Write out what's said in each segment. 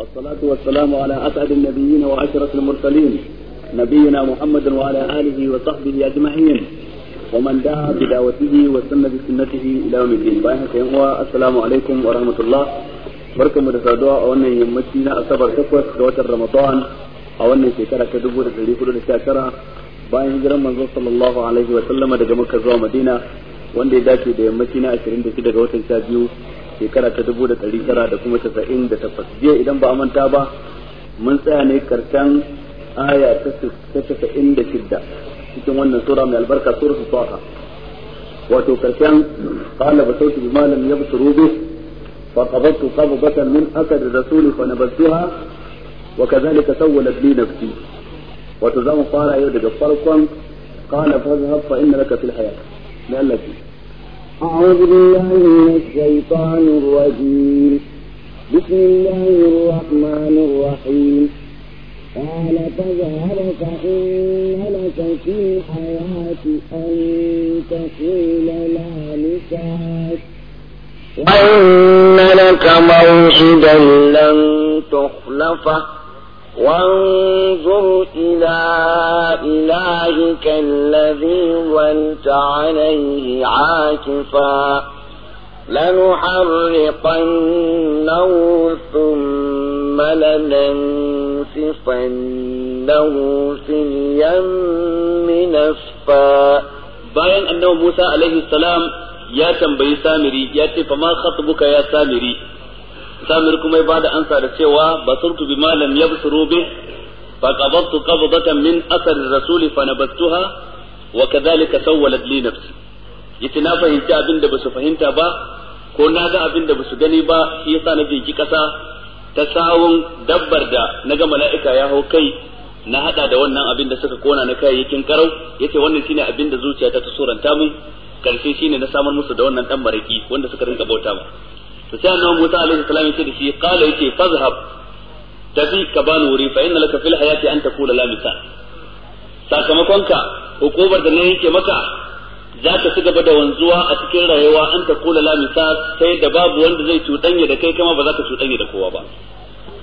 والصلاة والسلام على أسعد النبيين وعشرة المرسلين نبينا محمد وعلى آله وصحبه أجمعين ومن دعا بدعوته وسن بسنته إلى يوم الدين باهي السلام عليكم ورحمة الله بركم من أولا يمتينا أصبر تقوى دوات رمضان أولا يشكرا كدبو تسلي كل الشاكرا باهي جرم من صلى الله عليه وسلم دجمك زوى مدينة وان دي داشي دي يمتينا أشرين دي كده دوات الشاكيو shekara ta dubu da ɗari tara da kuma casa'in da takwas jiya idan ba a manta ba mun tsaya ne karshen aya ta casa'in da shidda cikin wannan sura mai albarka sura su faha wato karshen qala ba sautu bima lam yabsuru bi fa qabattu qabdatan min asad rasul fa nabattuha wa kadhalika sawwalat li nafsi wato zamu fara yau daga farkon qala fa dhhab fa inna laka fil hayat ne Allah أعوذ بالله من الشيطان الرجيم بسم الله الرحمن الرحيم قال فاذهب فإن لك في الحياة أن تقول لا نكاح وإن لك موعدا لن تخلفه وانظر إلى إلهك الذي ولت عليه عاكفا لنحرقنه ثم لننسفنه في اليم نسفا باين أنه موسى عليه السلام يا تنبي سامري يا فما خطبك يا سامري samir kuma ya bada ansa da cewa basurtu bi malam yabsuru bi fa qabattu qabdatan min athar ar-rasul fa nabattuha wa kadhalika sawwalat li nafsi yace na fahimci abin da basu fahimta ba ko na ga abin da basu gani ba shi yasa na biki kasa ta sawun dabbar da naga mala'ika ya hau kai na hada da wannan abin da suka kona na kayayyakin karau yace wannan shine abin da zuciyata ta suranta mun karshe shine na samar musu da wannan dan maraki wanda suka rinka bauta ba to sai annabi Musa alaihi salam ya ce da shi qala yake fazhab tafi ka bani wuri fa inna laka fil hayati an takula la misal sakamakon ka hukumar da ne yake maka za ka ci gaba da wanzuwa a cikin rayuwa an takula la misal sai da babu wanda zai cuɗanya da kai kama ba za ka cuɗanya da kowa ba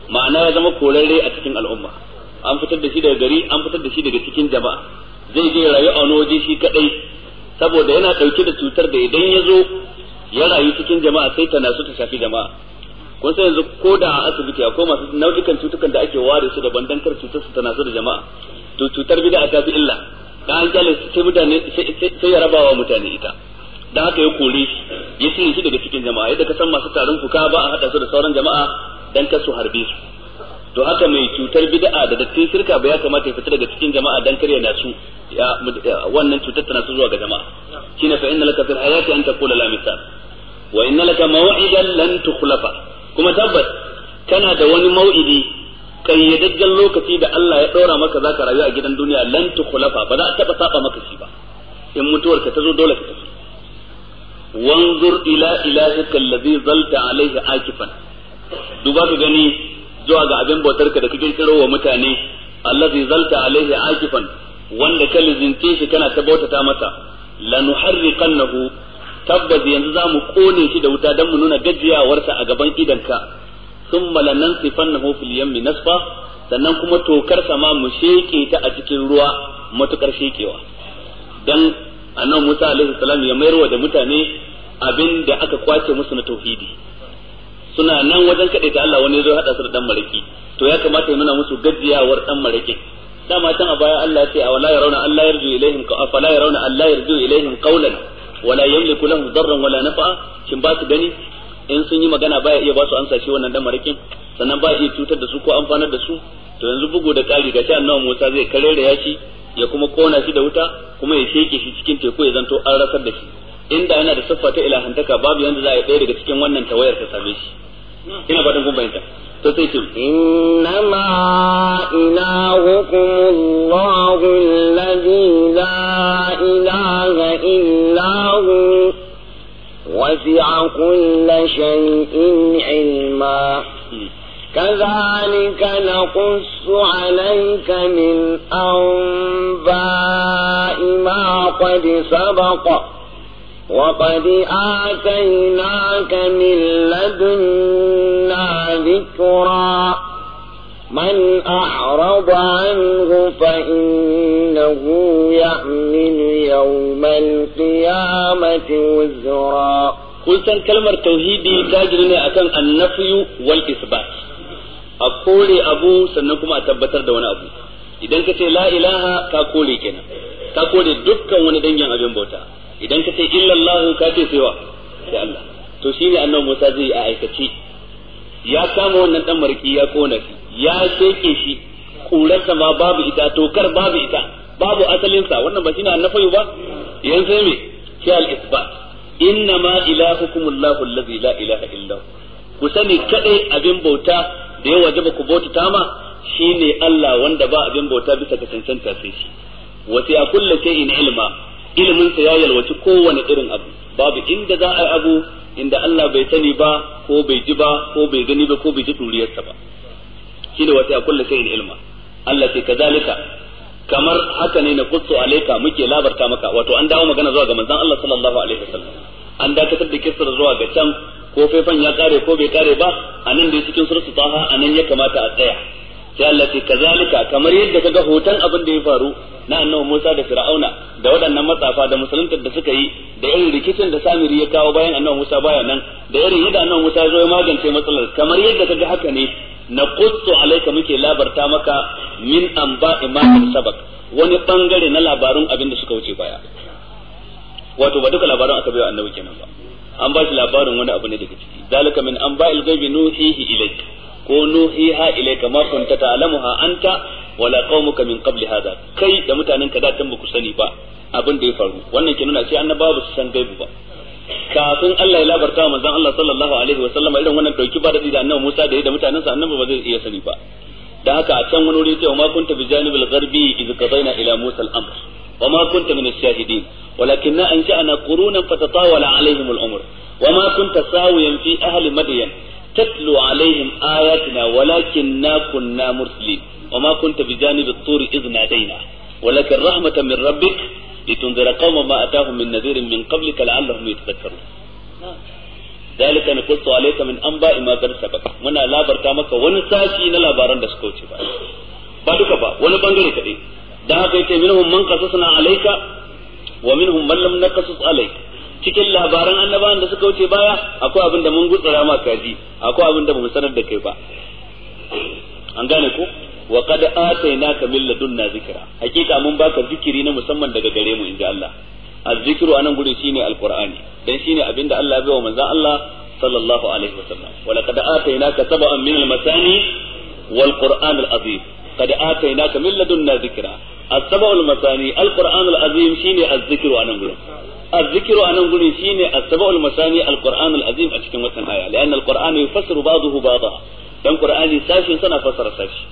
ma'ana ya zama korarre a cikin al'umma an fitar da shi daga gari an fitar da shi daga cikin jama'a zai je rayuwa a wani waje shi kadai saboda yana dauke da cutar da idan ya zo ya rayu cikin jama'a sai ta nasu ta shafi jama'a kun san yanzu ko da a asibiti akwai masu nau'ikan cutukan da ake ware su daban dan kar cutar su ta nasu da jama'a to cutar bid'a ta fi illa da an kyale sai mutane sai ya rabawa mutane ita da haka ya kore shi ya cire shi daga cikin jama'a yadda ka san masu tarin fuka ba a hada su da sauran jama'a dan kar su harbe su to haka mai cutar bid'a da dattin shirka ba ya kamata ya fita daga cikin jama'a dan kare na su wannan cutar tana su zuwa ga jama'a shine fa inna laka fil hayati an taqula la misal wa inna laka maw'idan lan tukhlafa kuma tabbas kana da wani mau'idi kayyadajjen lokaci da Allah ya daura maka zaka rayu a gidan duniya lan tukhlafa ba za a taba saba maka shi ba in mutuwar ka ta zo dole ka tafi wanzur ila ilahika alladhi zalta alaihi akifan duba ka gani zuwa ga abin bautar ka da kake kiro wa mutane allazi zalta alaihi akifan wanda ka lizince shi kana ta bautata masa lanuharriqannahu tabbas yanzu za mu kone shi da wuta dan mu nuna gajiyawarsa a gaban idanka thumma lanansifannahu fil yammi nasfa sannan kuma tokar sama mu sheke ta a cikin ruwa matukar shekewa dan annabi Musa alaihi salam ya mayarwa da mutane abin da aka kwace musu na tauhidi suna nan wajen kaɗai ta Allah wani zai haɗa su da dan maraki to ya kamata ya nuna musu gajiyawar dan maraki dama can a baya Allah ya ce a wala yarawna Allah yarju ilaihim ka afala yarawna Allah yarju ilaihim qawlan wala yamliku lahum darran wala nafa'a kin ba su gani in sun yi magana baya iya ba su ansa shi wannan dan marakin sannan ba iya cutar da su ko amfanar da su to yanzu bugu da ƙari cewa nawa Musa zai karere ya shi ya kuma kona shi da wuta kuma ya sheke shi cikin teku ya zanto an rasar da shi inda yana da siffa ta ilahantaka babu yanda za a yi ɗaya daga cikin wannan tawayar ta same shi ina fatan kun bayyana to sai ce innama ilahukum allahu alladhi la ilaha illa hu wasi'a kull shay'in ilma كذلك نقص عليك من أنباء ما قد سبق وقد آتيناك من لدنا ذكرا من أعرض عنه فإنه يحمل يوم القيامة وزرا قلت الكلمة كلمة تاجر لي أكن النفي والإثبات أقول أبو سنكم أتبتر دون أبو إذا كنت لا إله كأقولي كنا كأقولي دكا وندنيا أبين بوتا idan ka ce illallahu ka ce sai wa sai Allah to shine annabi Musa zai a aikace ya kama wannan dan marki ya kona shi ya sheke shi kurarsa ma babu ita tokar babu ita babu asalinsa wannan ba shine annabi ba yanzu me sai al-isbat innama ilahukumullahu allazi la ilaha illa ku sani kadai abin bauta da ya wajaba ku bauta ta ma shine Allah wanda ba abin bauta bisa ga cancanta sai shi wa ta kullu shay'in ilma ilimin ya yalwaci kowane irin abu babu inda za a yi abu inda Allah bai sani ba ko bai ji ba ko bai gani ba ko bai ji turiyarsa ba shi shine wata ya sai in ilma Allah ce kazalika kamar haka ne na qutsu alayka muke labarta maka wato an dawo magana zuwa ga manzon Allah sallallahu alaihi wasallam an dakatar da kissar zuwa ga can ko faifan ya kare ko bai kare ba anan da cikin suratul taha anan ya kamata a tsaya sai Allah ce kazalika kamar yadda kaga hoton abin da ya faru na annabi Musa da Fir'auna da waɗannan matsafa da musulunta da suka yi da irin rikicin da Samiri ya kawo bayan annabi Musa baya nan da irin yadda annabi Musa ya zo ya magance matsalar kamar yadda kaga haka ne na quttu alayka muke labarta maka min anba imanin sabak wani bangare na labarun abin da suka wuce baya wato ba duka labarun aka bai annabi kenan ba an ba shi labarin wani abu ne daga ciki zalika min anba'il ghaibi nuhihi ilayka ko nuhiha ilayka ma kunta ta'lamuha anta wala qaumuka min qabli hadha kai da mutanen ka da tan baku sani ba abin da ya faru wannan ke nuna sai annabawa ba su san gaibu ba kafin Allah ya labarta wa manzon Allah sallallahu alaihi wa sallama irin wannan dauki ba da da annabi Musa da ya da mutanen sa annabi ba zai iya sani ba da haka a can wani wuri ya ce ma kunta bi janibil gharbi iz qadaina ila Musa al-amr wa ma kunta min ash-shahidin walakinna ansha'na qurunan fatatawala alaihim al-umr wa ma kunta sawiyan fi ahli madyan tatlu alaihim ayatina walakinna kunna mursalin وما كنت بجانب الطور إذ نادينا ولكن رحمة من ربك لتنذر قوما ما أتاهم من نذير من قبلك لعلهم يتذكرون ذلك نقص عليك من أنباء ما قد سبق منا لا برتامك ونساشي نلا بارن دسكوتي با ba duka ba wani bangare kaɗai da haka yake minhum man qasasna alayka wa minhum man lam naqasus alayka cikin labaran annabawan da suka wuce baya akwai abin da mun gutsara ma kaji akwai abin da mu sanar da kai ba an gane ku? wa qad atainaka min ladunna zikra hakika mun baka zikiri na musamman daga gare mu inda Allah azzikiru anan gurin shine alqur'ani dan shine abinda Allah ya bawa manzon Allah sallallahu alaihi wasallam wa laqad atainaka sab'an min almasani wal qur'an alazim qad atainaka min ladunna zikra as-sab'ul masani al-qur'an al-azim shine az-zikru anan gurin الذكر أن نقول شيني السبع المساني القرآن العظيم أشكي مثلا آية لأن القرآن يفسر بعضه بعضا دم قرآن ساشي سنة فسر ساشي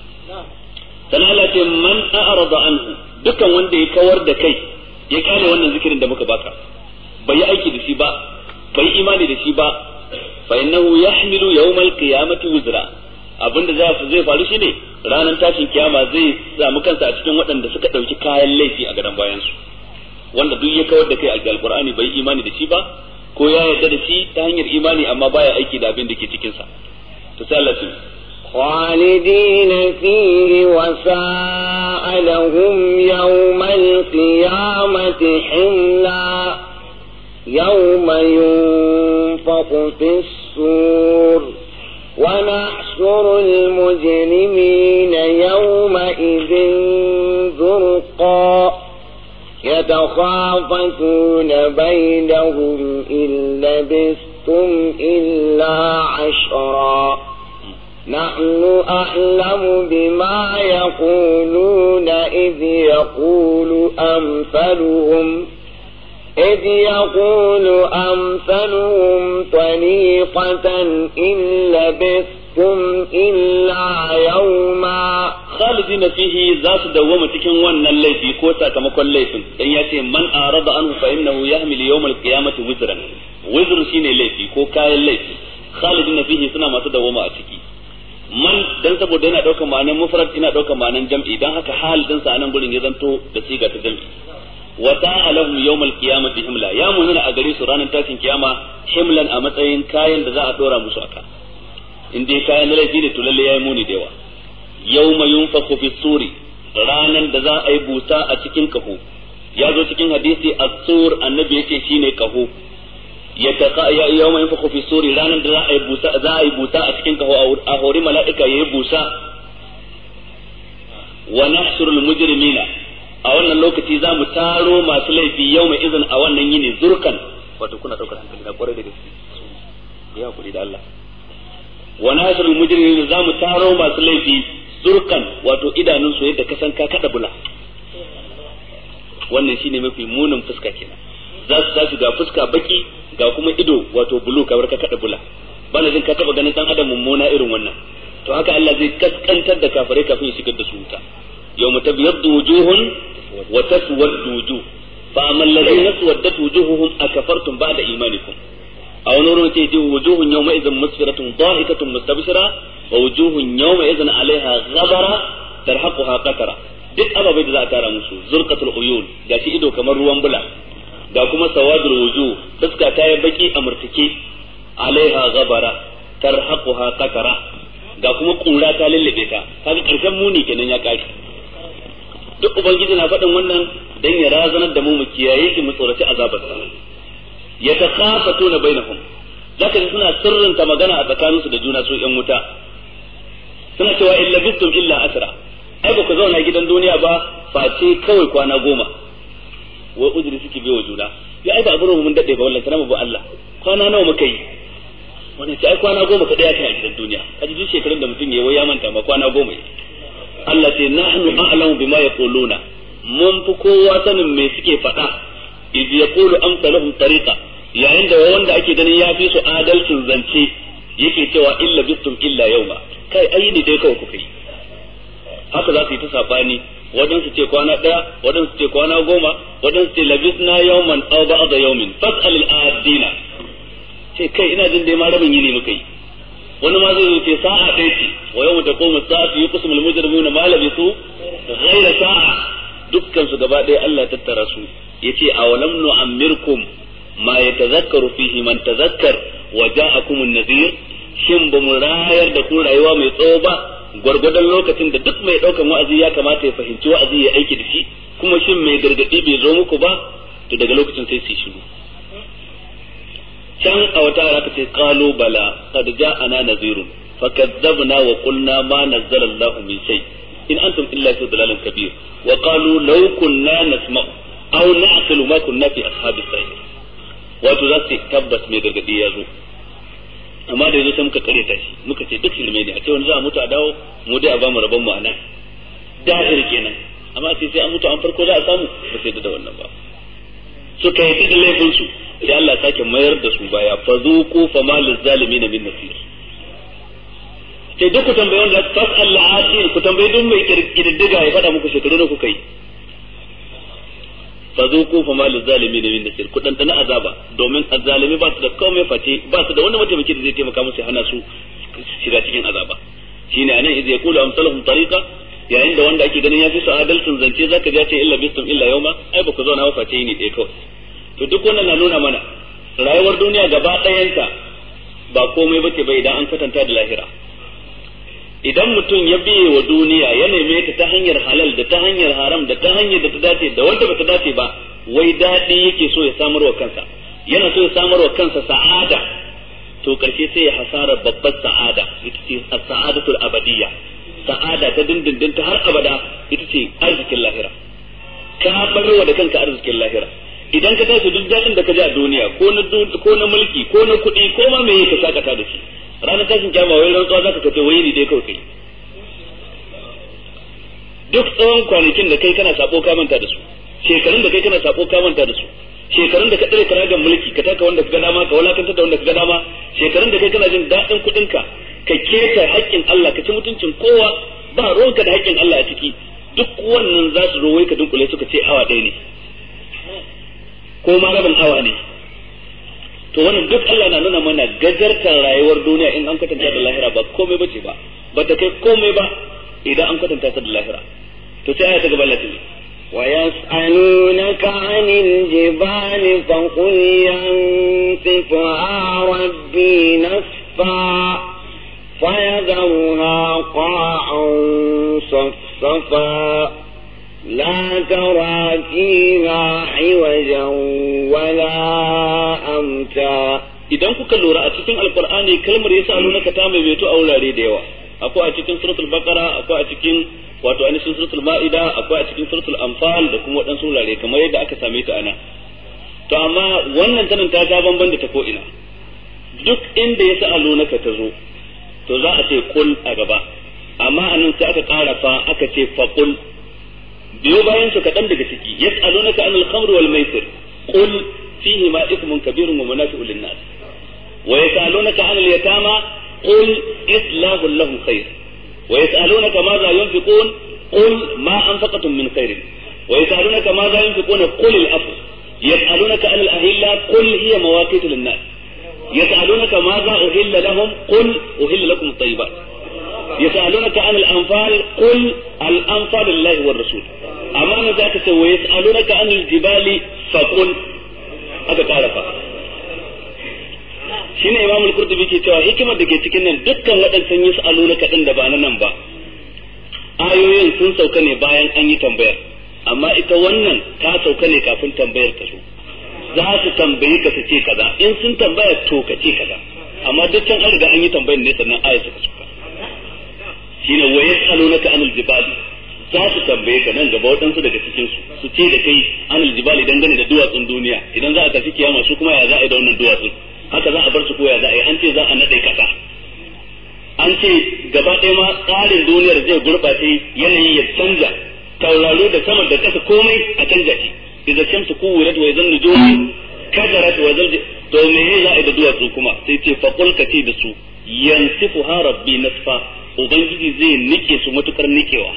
سنعلى من أعرض عنه دكا وندي كورد كي يكال وانا ذكر دمك باكا بي أيكي دي با بي إيماني دي با فإنه يحمل يوم القيامة وزراء abin da zai zai faru shi ne ranar tashin kiyama zai samu kansa a cikin waɗanda suka ɗauki kayan laifi a gadon bayansu. wanda duk ya kawar da kai a alkur'ani bai imani da shi ba ko ya yarda da shi ta hanyar imani amma baya aiki da abin da ke cikin sa to sai Allah ya خالدين فيه وساء لهم يوم القيامة حملا يوم ينفق في السور ونحشر المجرمين يومئذ زرقا يتخافتون بينهم إن لبثتم إلا عشرا نحن أعلم بما يقولون إذ يقول أمثلهم إذ يقول أمثلهم طريقة إن لبثتم إلا يوما خالدين فيه ذات دوما تكن وانا الليفي كوتا كما كل ليفن إن يأتي من أعرض عنه فإنه يحمل يوم القيامة وزرا وزر شيني ليفي كوكا الليفي خالدين فيه سنة ما تدوما أتكي من dan saboda yana daukar ma'anan mufrad ina daukar ma'anan jam'i dan haka hal din sa anan gurin ya zanto da siga ta jam'i wa ta'a yawmal qiyamati himla ya munana a gare su ranar tashin kiyama himlan a matsayin kayan da za a dora musu aka in dai kayan laifi ne to lalle yayi muni da yawa yawma yunfakhu fi suri ranan da za a yi busa a cikin kaho ya zo cikin hadisi as-sur annabi yake shine kaho ya ta ya yawma yunfakhu fi suri ranan da za a yi busa za a yi busa a cikin kaho a hori mala'ika yayi busa wa nahshurul mujrimina a wannan lokaci za mu taro masu laifi yau mai izin a wannan yini zurkan wato kuna ɗaukar hankali na kwarai da gaske ya kuɗi da Allah wa nahsul mujrimin za mu taro masu laifi zurkan wato idanun su yadda kasan ka kada bula wannan shine mafi munin fuska kenan za su tashi ga fuska baki ga kuma ido wato bulu kamar ka kada bula na jin ka taba ganin dan adam mummuna irin wannan to haka Allah zai kaskantar da kafirai kafin ya shigar da su wuta yawma tabyaddu wujuhun wa taswaddu wujuh fa amman ladina tawaddat wujuhuhum akafartum ba'da imanikum a wani wurin ce ji wujuhun yawma idan musfiratun dhahikatun mustabshira wa wujuhun yawma idan duk ababai da za a tara musu zurqatul uyun gashi ido kamar ruwan bula ga kuma sawadul wuju fuska ta yi baki a murtike alaiha ghabara tarhaquha qatara ga kuma kura ta lullube ta kaga karshen muni kenan ya kashi. duk ubangiji na faɗin wannan dan ya razanar da mu mu kiyaye shi mu tsoraci azabar sa ya ta takhafatuna bainahum zaka ji suna sirrinta magana a tsakaninsu da juna su yan wuta suna cewa illa bistum illa asra ai ba ku zauna gidan duniya ba face kawai kwana goma wai uzuri suke biyo wa juna ya ai ba abin mun dade ba wallahi kana ba Allah kwana nawa muka yi Wani sai kwana goma ka daya kai a gidan duniya kaji duk shekarun da mutum yayi wai ya manta ba kwana goma yayi Allah ce nahnu a'lamu bima yaquluna mun fi kowa sanin me suke faɗa idh yaqulu amsaluhum tariqa yayin da wanda ake ganin ya fi su adalcin zance yake cewa illa bistum illa yawma kai ayi ne dai kawai kuka yi haka za su yi ta sabani waɗansu ce kwana ɗaya waɗansu ce kwana goma waɗansu ce labisna yawman aw ba'da yawmin fas'al al-adina ce kai ina jin dai ma rabin yini muka yi wani ma zai ce sa'a ɗaya ce wa yau da komu sa'atu yi kusa mulmujar muna malami su gaira sa'a dukkan su gaba ɗaya Allah tattara su ya ce a walam nu amirkum ma ya tazakkaru fihi man tazakkar wa ja'akum an-nadhir shin ba mu rayar da ku rayuwa mai tsawo ba gwargwadon lokacin da duk mai ɗaukan wa'azi ya kamata ya fahimci wa'azi ya aiki da shi kuma shin mai gargaɗi bai zo muku ba to daga lokacin sai su shiru can a wata ayar aka ce qalu bala qad ja'ana nadhirun fakadzabna wa qulna ma nazzala Allahu min shay in antum illa fi dalalin kabir wa qalu law kunna nasma aw na'qilu ma kunna fi ashabi sa'ir wato za su tabbas mai gargadi ya zo amma da yazo sai muka kare shi muka ce duk shirme ne a ce wanda za a mutu a dawo mu dai a ba mu rabon mu anan da'ir kenan amma sai sai an mutu an farko za a samu ba sai da wannan ba suka yi da laifin su sai Allah sake mayar da su baya fa zuqu fa malil zalimin min nasir sai duk ku tambaye wanda fasal la'atin ku tambaye duk mai kididdiga ya faɗa muku shekaru da kuka yi fa zuqu fa malil zalimin min nasir ku dantana azaba domin azalimi ba su da komai face ba su da wani mataimaki da zai taimaka musu hana su shiga cikin azaba shine anan idza yaqulu amsaluhum tariqa yayin da wanda ake ganin ya fi su adalcin zance zaka ga ce illa bistum illa ma ai ba ku zauna ba face ni ɗaya kawai to duk wannan na nuna mana rayuwar duniya gaba ɗayanta ba komai ba ke ba idan an kwatanta da lahira idan mutum ya biye wa duniya ya neme ta ta hanyar halal da ta hanyar haram da ta hanyar da ta dace da wanda bata dace ba wai daɗi yake so ya samar wa kansa yana so ya samar wa kansa sa'ada to karshe sai ya hasara babbar sa'ada ita ce sa'adatul abadiyya sa'ada ta dindindin ta har abada ita ce arzikin lahira ka barwa da kanka arzikin lahira idan ka tashi duk daɗin da ka ji a duniya ko na ko na mulki ko na kuɗi ko ma meye ka sakata da shi ranar tashin kyama wai rantsuwa zaka kace wai ni dai kawai kai duk tsawon kwanakin da kai kana sabo ka manta da su shekarun da kai kana sabo ka manta da su shekarun da ka tsare karagan mulki ka taka wanda ka ga dama ka wulakanta da wanda ka ga dama shekarun da kai kana jin daɗin kuɗinka ka keta haƙƙin Allah ka ci mutuncin kowa ba ruwanka da haƙƙin Allah a ciki duk wannan za su rowe ka dunkule suka ce awa ɗaya ne ko ma rabin awa ne to wannan duk Allah na nuna mana gajartar rayuwar duniya in an kwatanta da lahira ba komai bace ba ba ta kai komai ba idan an kwatanta ta da lahira to sai aya ta gaba Allah ta ويسألونك عن الجبال فقل ينسفها ربي fa. فيذرها قاعا صفصفا لا ترى فيها عوجا ولا أمتا idan kuka lura a cikin alkur'ani kalmar yasa alunaka ta maimaito a wurare da yawa akwai a cikin suratul akwai a cikin suratul ma'ida akwai a cikin suratul anfal da kuma waɗansu wurare kamar yadda aka same ta ana to amma wannan tanin ta ga banban da ta ko ina duk inda ya yasa ka ta zo to za a ce kul a gaba amma anan sai aka ƙara fa aka ce fa kul biyo bayan su kaɗan daga ciki yas'alunaka anil khamr wal maisir qul fihi ma ithmun kabirun wa munafi'un lin nas wa yas'alunaka anil yatama qul islahu lahum khair wa yas'alunaka madha yunfiqun qul ma anfaqtum min khairin wa yas'alunaka madha yunfiqun qul al afu yas'alunaka anil ahilla qul hiya mawaqitu lin nas yas'alunaka ma za uhilla lahum qul uhilla lakum at-tayyibat yas'alunaka an al-anfal qul al-anfal lillahi war rasul amma ne zaka ce wa yas'alunaka an al-jibali faqul aka tarafa shine imam al-qurtubi ke cewa hikimar da ke cikin nan dukkan waɗansan yas'alunaka din da ba nan ba ayoyin sun sauka ne bayan an yi tambayar amma ita wannan ta sauka ne kafin tambayar ta su. za su tambayi ka su ce kaza in sun tambaya to ka ce kaza amma duk can an riga an yi tambayin ne sannan ayat suka suka shine wa yasalunaka anil jibali za su tambaye ka nan gaba waɗansu daga cikin su su ce da kai anil jibali dangane da duwatsun duniya idan za a tafi kiyama su kuma ya za a yi da wannan duwatsun haka za a bar su ko ya za a yi an ce za a naɗe kasa an ce gaba ɗaya ma tsarin duniyar zai gurɓace yanayi ya canja tauraro da sama da ƙasa komai a canja shi idza shamsu kuwirat wa idzan nujumu kajarat wa idzan to me ne za a da duwatsu kuma sai ce fa qul kati bisu yansifuha rabbi nasfa ubangiji zai nike su matukar nikewa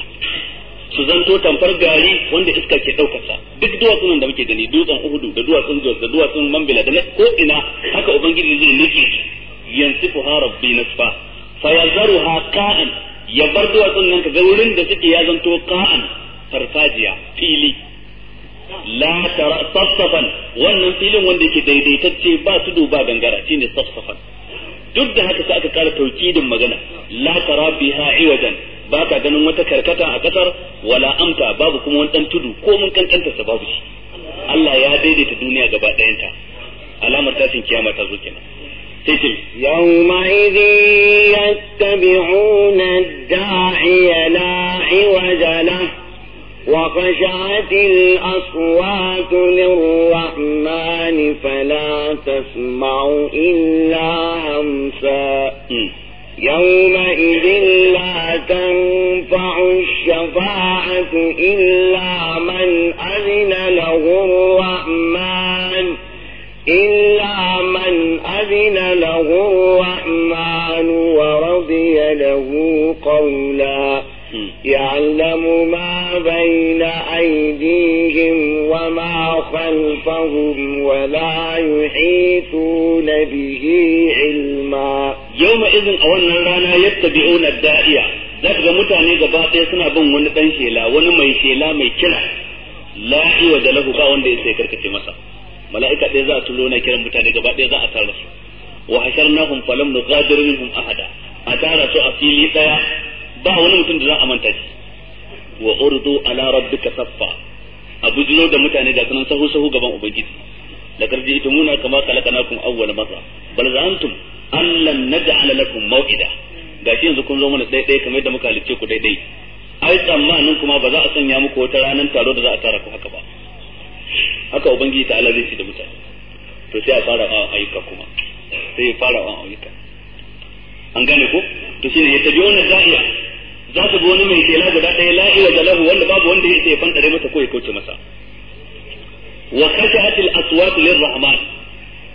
su zanto tamfar gari wanda iska ke ɗaukarsa duk duwatsun da muke gani dutsen uhudu da duwatsun jos da duwatsun mambila da ko ina haka ubangiji zai nike yansifu ha rabbi nasfa fa yazaru ha ka'an ya bar duwatsun nan ka ga wurin da suke ya zanto ka'an farfajiya fili la tara safsafan wannan filin wanda yake daidaitacce ba tudu ba gangara shine safsafan duk da haka sai aka kara taukidin magana la tara biha iwajan ba ka ganin wata karkata a kasar wala amta babu kuma wani dan tudu ko mun kankanta sa babu shi Allah ya daidaita duniya gaba ɗayanta alamar tashin kiyama ta zo kenan sai ce yawma idin yattabi'un وخشعت الأصوات للرحمن فلا تسمع إلا همسا يومئذ لا تنفع الشفاعة إلا يتبعون da'iya za ga mutane gaba ɗaya suna bin wani ɗan shela wani mai shela mai kira la da lahu ba wanda ya sai karkace masa mala'ika ɗaya za a turo na kiran mutane gaba ɗaya za a tara su wa hasharnahum falam nughadir minhum ahada a tara su a fili ɗaya ba wani mutum da za a manta shi wa urdu ala rabbika saffa a bujiro da mutane da sunan sahu sahu gaban ubangiji laqad itumuna kama kalakanakum awwal maza bal za'antum an lam naj'al lakum maw'ida gashi yanzu kun zo mana ɗaya ɗaya kamar yadda muka halicce ku dai ɗaya ai tsammanin kuma ba za a sanya muku wata ranar taro da za a tara ku haka ba haka ubangiji ta ala zai ci da mutane to sai a fara a ayyuka kuma sai ya fara a ayyuka an gane ko to shine ya tabi wannan da'iya za ta bi wani mai kela guda ɗaya la'iwa da lahu wanda babu wanda ya ce ya fantare mata ko ya kauce masa wa kashatil aswat lirrahman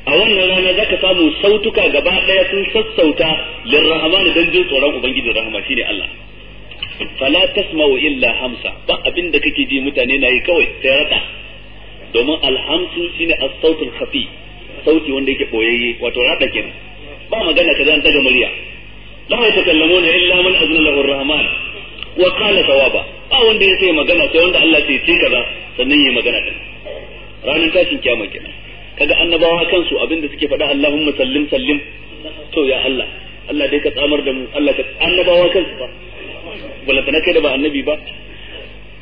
a wannan rana za ka samu sautuka gaba ɗaya sun sassauta lirrahmani don jin tsoron ubangiji rahama shine Allah fala tasma'u illa hamsa ba abin da kake ji mutane na yi kawai sai rada domin alhamsu shine as-sautul khafi sauti wanda yake boyayye wato rada kenan ba magana kaza an daga murya la yatakallamuna illa man azna lahu ar-rahman wa qala sawaba ba wanda ya sai magana sai wanda Allah ya ce kaza sannan yi magana din ranar tashin kiyama kenan kaga annabawa kansu abinda suke faɗa Allahumma sallim sallim to ya Allah Allah dai ka tsamar da mu Allah ka annabawa kansu ba wala kana kai da ba annabi ba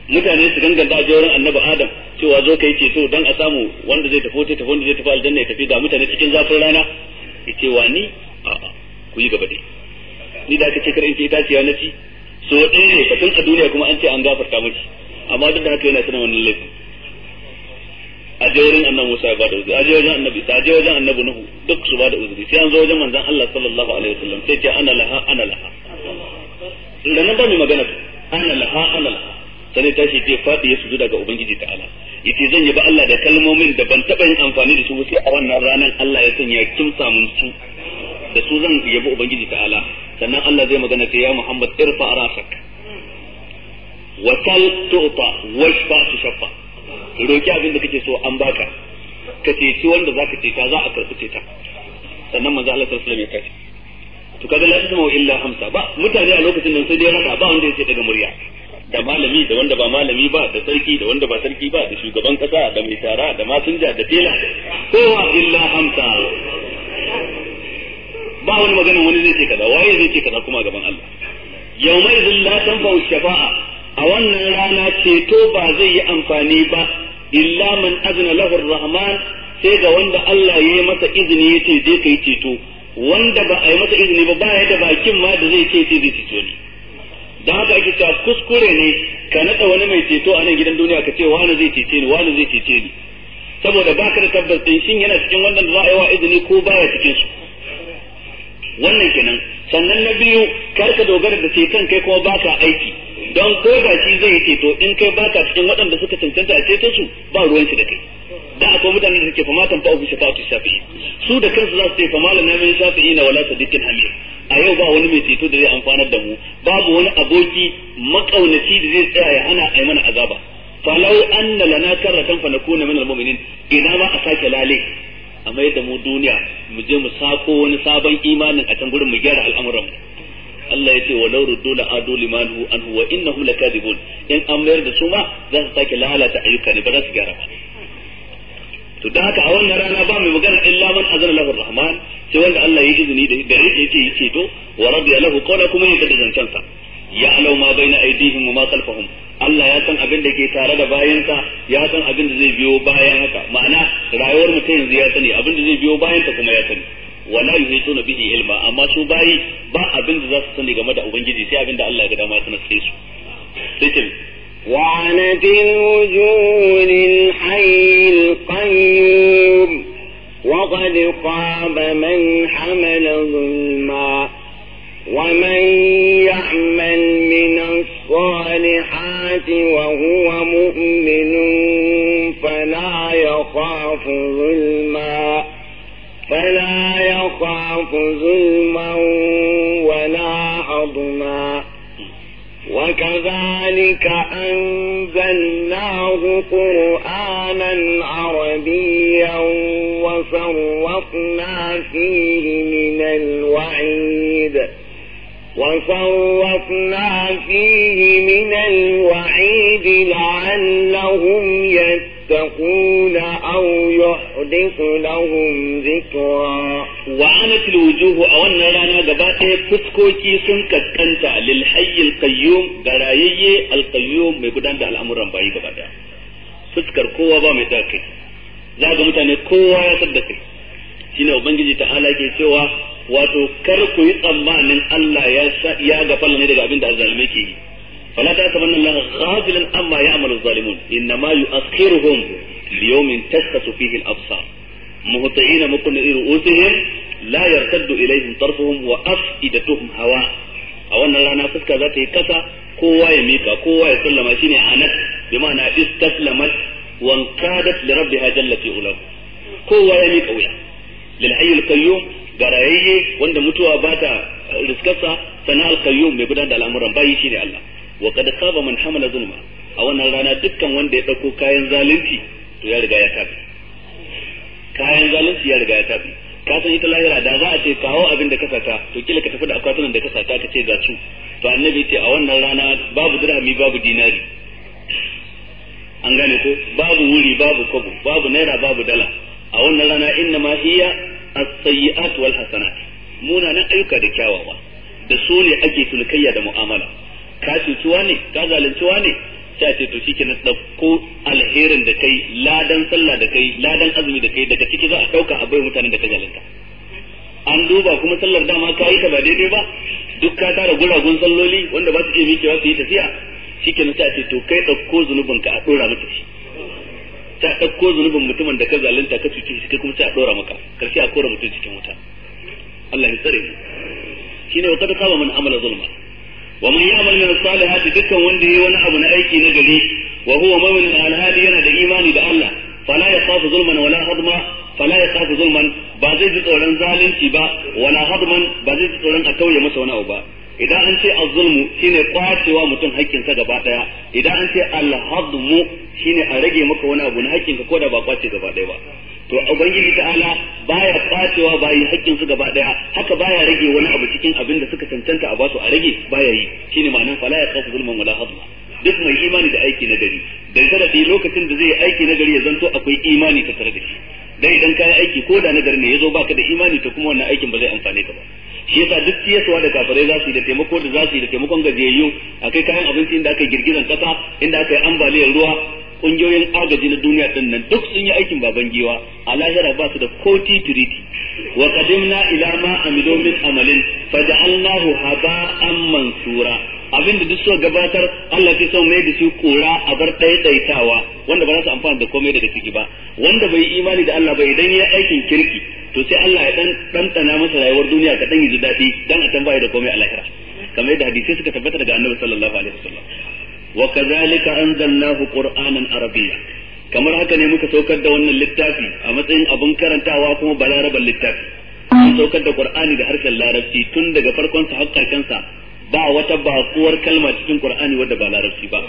mutane su ganganta a jawarin annabi Adam cewa zo kai ceto dan a samu wanda zai tafi ta wanda zai tafi aljanna ya tafi ga mutane cikin zafin rana yace wa ni a ku yi gaba dai ni da aka ce kar in ce ce na ci so ɗaya ne ka tun a duniya kuma an ce an gafarta miki amma duk da haka yana tana wannan laifin a je wurin annabi Musa ya bada uzuri a je wajen annabi a je wajen annabi Nuhu duk su bada uzuri sai an zo wajen manzon Allah sallallahu alaihi wasallam sai ce ana laha ana laha da nan ba mai magana ana laha ana laha sai tashi ce fadi ya sujuda ga ubangiji ta'ala yace zan yi ba Allah da kalmomin da ban taba yin amfani da su sai a wannan ranar Allah ya sanya kimsa mun su da su zan yabi ubangiji ta'ala sannan Allah zai magana ce ya Muhammad irfa rasak wa kal tu'ta washfa tushaffa roki abin da kake so an baka ka ceci wanda za ka ceta za a karɓi ceta sannan manzo Allah sallallahu alaihi wasallam ya kace to kaga la ismu illa hamsa ba mutane a lokacin nan sai dai rada ba wanda yake daga murya da malami da wanda ba malami ba da sarki da wanda ba sarki ba da shugaban kasa da mai tara da masinja da tela kowa illa hamsa ba wani magana wani zai ce kaza waye zai ce kaza kuma gaban Allah yawma idhil la tanfa'u shafa'a a wannan rana ceto ba zai yi amfani ba illa man azna lahu rahman sai ga wanda Allah ya yi masa izini ya ce je kai ceto wanda ba a yi masa izini ba baya da bakin ma da zai ce sai zai ceto ne dan haka ake cewa kuskure ne ka naɗa wani mai ceto a nan gidan duniya ka ce wani zai cece ni wani zai cece ni saboda baka da tabbas din shin yana cikin wannan za a yi wa izini ko baya cikin su wannan kenan sannan na biyu kar ka dogara da kan kai kuma baka aiki don ko da shi zai ceto in kai baka cikin waɗanda suka cancanta a ceto su ba ruwan shi da kai da akwai mutanen da suke famatan fa ubu shafa'atu shafi su da kansu za su ce famala na min shafi ina wala sadiqin hamid a yau ba wani mai ceto da zai amfanar da mu babu wani aboki makaunaci da zai tsaya ya hana yi mana azaba falau anna lana karratan fa nakuna min almu'minin ina ma a sake lale mai da mu duniya mu je mu sako wani sabon imanin a can gurin mu gyara al'amuran mu Allah ce wa law ruddu la adu liman hu anhu wa innahum lakadibun in an mayar da su ma za su sake lalata ayyuka ne ba za su gyara ba to dan haka a wannan rana ba mai magana illa man azana lahu rahman sai wanda Allah ya izini da da yace yake to wa radiya lahu qawla kuma ya da zancan sa ya alau ma baina aydihim wa ma khalfahum Allah ya san abin da ke tare da bayansa ya san abin da zai biyo bayan haka ma'ana rayuwar mutum yanzu ya sani abin da zai biyo bayan ta kuma ya sani wala yuhituna bihi ilma amma su bayi ba abin da za su sani game da ubangiji sai abin da Allah ya ga dama ya sanar sai su sai وعنت الوجوه للحي القيوم وقد خاب من حمل ظلما ومن يعمل من الصالحات وهو مؤمن فلا يخاف ظلما فلا يخاف ظلما ولا عظما وكذلك أنزلناه قرآنا عربيا وفرقنا فيه من الوعيد وصوفنا فيه من الوعيد لعلهم يتقون أو يحدث لهم ذكرا وعنت الوجوه أولنا لنا قبائه فسكوكي سنك كنت للحي القيوم قرايي القيوم بيقدان ده الأمر رمبائي قبائه فسكر قوة بامي ذاكي ذاك متاني قوة يصدقي شنو بنجي تعالى كي سواه wato kar ku yi tsammanin Allah ya ya gafala ne daga abin da azzalime ke yi fala ta sabanna Allah ghafilan amma ya'malu zalimun inna ma yu'akhiruhum li yawmin tashkhasu fihi al-absar muhti'ina muqni'i ru'usihim la yartaddu ilayhim tarfuhum wa afidatuhum hawa a wannan rana fuska za ta yi kasa kowa ya mika kowa ya sallama shine anat bi ma'ana istaslamat wa qadat li rabbiha jalla fi ula kowa ya mika wuya lil hayyul qayyum Garayayye wanda mutuwa ba ta riskarsa sana alkayyum mai gudanar da al'amuran bayi shine Allah wa kad khaba man hamala zulma a wannan rana dukkan wanda ya dauko kayan zalunci to ya riga ya tafi kayan zalunci ya riga ya tafi ka san ita lahira da za a ce kawo abin da ka to kila ka tafi da akwatunan da ka ka ce ga su to annabi ce a wannan rana babu dirhami babu dinari an gane ko babu wuri babu kwabo babu naira babu dala a wannan rana inna ma hiya as-sayyi'at wal hasanat munanan ayyuka da kyawawa da su ne ake tulkayya da mu'amala ka cutuwa ne ka ne sai ce to shike na alherin da kai ladan sallah da kai ladan azumi da kai daga ciki za a ɗauka a bai mutanen da ka zalunta an duba kuma sallar dama ka yi ka ba daidai ba duk ka tara guragun salloli wanda ba su iya mikewa su yi tafiya shike na sai ce to kai dauko zunubinka a ɗora masa shi sai a ɗauko zunubin mutumin da ka zalunta ka cuce shi kai kuma sai a ɗora maka karshe a kora mutum cikin wuta Allah ya tsare mu shine wa kada kawo man amala zulma wa man ya'mal min salihati dukkan wanda yayi wani abu na aiki na gari wa huwa mu'min alhali yana da imani da Allah fala yakhafu zulman wala hadma fala yakhafu zulman ba zai ji tsoron zalunci ba wala hadman ba zai ji tsoron a tauye masa wani abu ba idan an ce azzulmu shine kwacewa mutum hakinsa gaba daya idan an ce alhadmu shine a rage maka wani abu na haƙƙinka ko da ba kwace gaba daya ba to ubangiji ta'ala baya kwacewa bayi haƙƙin su gaba daya haka baya rage wani abu cikin abin da suka cancanta a basu a rage baya yi shine ma'anar fala ya kafa zulman wala hadma duk mai imani da aiki na gari dan kada lokacin da zai yi aiki na gari ya zanto akwai imani ta tare da shi dan idan kayi aiki ko da garin ne yazo baka da imani to kuma wannan aikin ba zai amfane ka ba shi yasa duk siyaswa da kafirai za su da taimako da za su yi da taimakon gajiyayyu akai kayan abinci inda aka girgizan kasa inda aka yi ambaliyar ruwa kungiyoyin agaji na duniya din nan duk sun yi aikin baban giwa a lahira ba su da koti turiti. wa qadimna ila ma amilu min amalin faj'alnahu haba'an mansura abin da duk gabatar Allah ke son mai da su kura a bar ɗaiɗaitawa wanda ba za su amfana da komai daga ciki ba wanda bai yi imani da Allah ba idan ya aikin kirki to sai Allah ya dan ɗanɗana masa rayuwar duniya ka dan yi daɗi dan a tambaya da komai a lahira kamar yadda hadisi suka tabbata daga annabi sallallahu alaihi wasallam wa kadhalika anzalnahu qur'anan arabiyya kamar haka ne muka saukar da wannan littafi a matsayin abin karantawa kuma balaraban littafi mun saukar da qur'ani da harshen larabci tun daga farkon sa har karshen sa ba wata bakuwar kalma cikin Qur'ani wadda ba larabci ba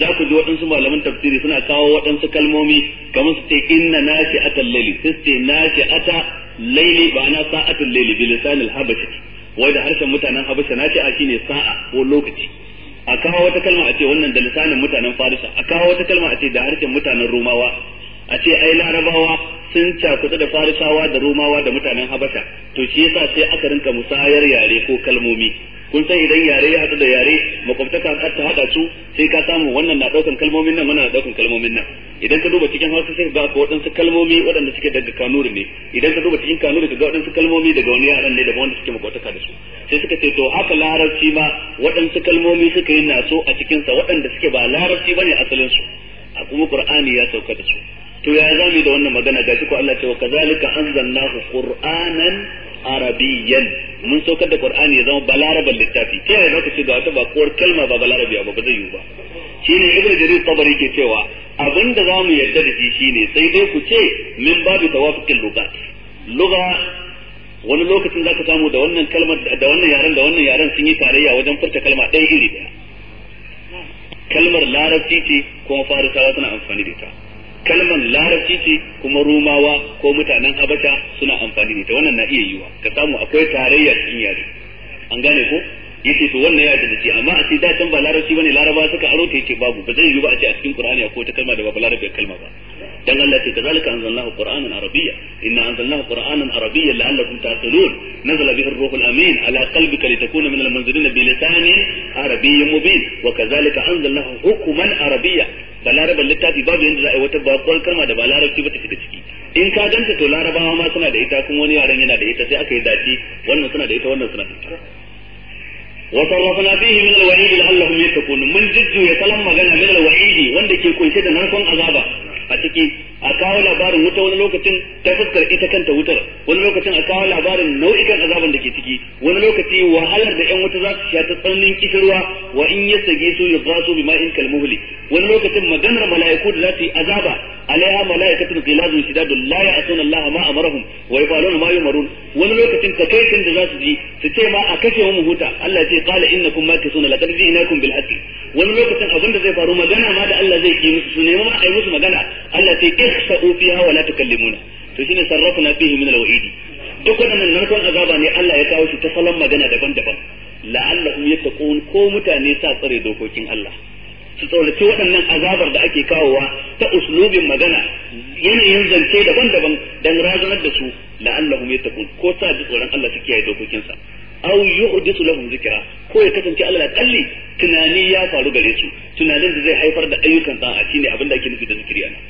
za ku ji waɗansu malaman tafsiri suna kawo waɗansu kalmomi kamar su ce inna nashi'atal layli sai su ce nashi'ata layli ba na sa'atul layli bi lisanil habashi wai da harshen mutanen habasha nashi'a shine sa'a ko lokaci a kawo wata kalma a ce wannan da lisanin mutanen farisa a kawo wata kalma a ce da harshen mutanen rumawa a ce ai larabawa sun cakuɗa da farisawa da rumawa da mutanen habasha to shi yasa sai aka rinka musayar yare ko kalmomi kun san idan yare ya haɗu da yare makwabtaka har ta haɗa su sai ka samu wannan na ɗaukan kalmomin nan wannan na ɗaukan kalmomin nan idan ka duba cikin hausa sai ga waɗansu kalmomi waɗanda suke daga kanuri ne idan ka duba cikin kanuri ka ga waɗansu kalmomi daga wani yaran ne daga wanda suke makwabtaka da su sai suka ce to haka larabci ma waɗansu kalmomi suka yi naso a cikin sa waɗanda suke ba larabci bane asalin su a kuma qur'ani ya sauka da su to ya zamu da wannan magana gashi ko Allah ce wa kazalika anzalnahu qur'anan arabiyyan mun saukar da qur'ani ya zama balaraban littafi ta yaya zaka ce ga wata bakuwar kalma ba balarabiya ba ba zai yiwu ba shi ne ibnu jarir tabari ke cewa abin da zamu yarda da shi shine sai dai ku ce min babu tawafuqil lugat lugha wani lokacin zaka samu da wannan kalmar da wannan yaren da wannan yaren sun yi tarayya wajen furta kalma ɗaya iri ɗaya kalmar larabci ce kuma farisawa suna amfani da ita kalmar larabci ce kuma rumawa ko mutanen habasha suna amfani da ita wannan na iya yiwa ka samu akwai tarayyar cikin yare an gane ko yace to wannan ya da shi amma a ce da can ba larabci bane laraba suka aro ta yace babu ba zai yi ba a ce a cikin qur'ani akwai ta kalma da ba larabci kalma ba dan Allah ce kazalika anzalnahu qur'anan arabiyya inna anzalnahu qur'anan arabiyya la'allakum ta'qilun nazala bihi ar-ruhul amin ala qalbika litakuna min al-munzirin bi lisani arabiyyin mubin wa kazalika anzalnahu hukuman arabiyya ba larabar littafi babu yadda za a yi wata bakwar kalma da ba larabci ba ta shiga ciki in ka ganta to larabawa ma suna da ita kuma wani yaran yana da ita sai aka yi dace wannan suna da ita wannan suna da ita وصرفنا فيه من الوعيد لعلهم يتقون من جد يتلم magana من الوعيد wanda ke kunshe da narkon azaba a ciki a kawo labarin wuta wani lokacin ta fuskar ita kanta wutar wani lokacin a kawo labarin nau'ikan azaban da ke ciki wani lokaci wahalar da yan wuta za su sha ta tsananin kishirwa wa in yasage su yudrasu bima in kalmuhli wani lokacin maganar mala'iku da za su yi azaba alaiha mala'ikatu qilazun shidadun la ya'suna Allah ma amarahum wa yafaluna ma yumarun wani lokacin takaitin da za su ji su ce ma a kashe mu huta Allah ce qala innakum makisuna laqad ji'nakum bil haqqi wani lokacin abin da zai faru magana ma da Allah zai yi musu su nemi ma a yi musu magana ce ihsa'u fiha wa la tukallimuna to shine sarrafuna fihi min al-wa'id duk wannan narkon azaba ne Allah ya kawo shi ta salon magana daban-daban la'allahum yattaqun ko mutane sa tsare dokokin Allah su tsorace waɗannan azabar da ake kawowa ta uslubin magana yanayin zance daban-daban dan razanar da su la'allahum yattaqun ko sa ji tsoron Allah su kiyaye dokokinsa aw yuhdisu lahum zikra ko ya kasance Allah ya kalli tunani ya faru gare su tunanin da zai haifar da ayyukan da'a shine abin da ake nufi da zikiri anan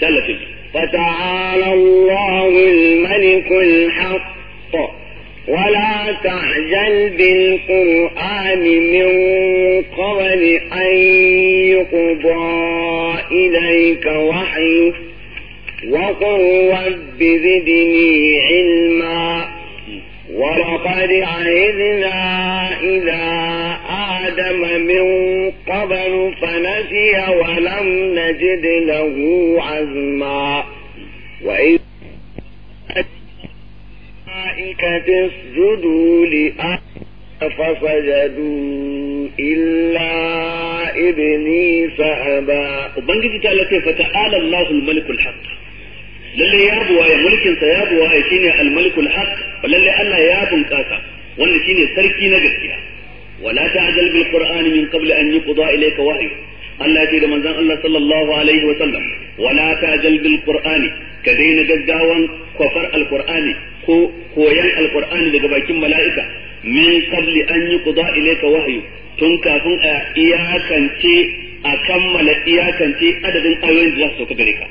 سلف فتعالى الله الملك الحق ولا تعجل بالقرآن من قبل أن يقضى إليك وحيه وقل رب زدني علما ولقد عهدنا إلى آدم من قبل فنسي ولم نجد له عزما وإذ الملائكة اسجدوا لآدم فسجدوا إلا إبليس أبى وبنجد تعالى فتعالى الله الملك الحق Lallai ya buwaye mulkin sa ya buwaye shine al-malikul haq lallai Allah ya bunƙasa wanda shine sarki na gaskiya wala ta'jal bil qur'an min qabl an yuqda ilayka wahyu Allah ya ce da manzon Allah sallallahu alaihi wa sallam wala ta'jal bil qur'ani ka daina gaggawan kofar al-qur'ani ko koyan al-qur'ani daga bakin mala'ika min qabl an yuqda ilayka wahyu tun kafin a iyakance a kammala iyakance adadin ayoyin da za su sauka gare ka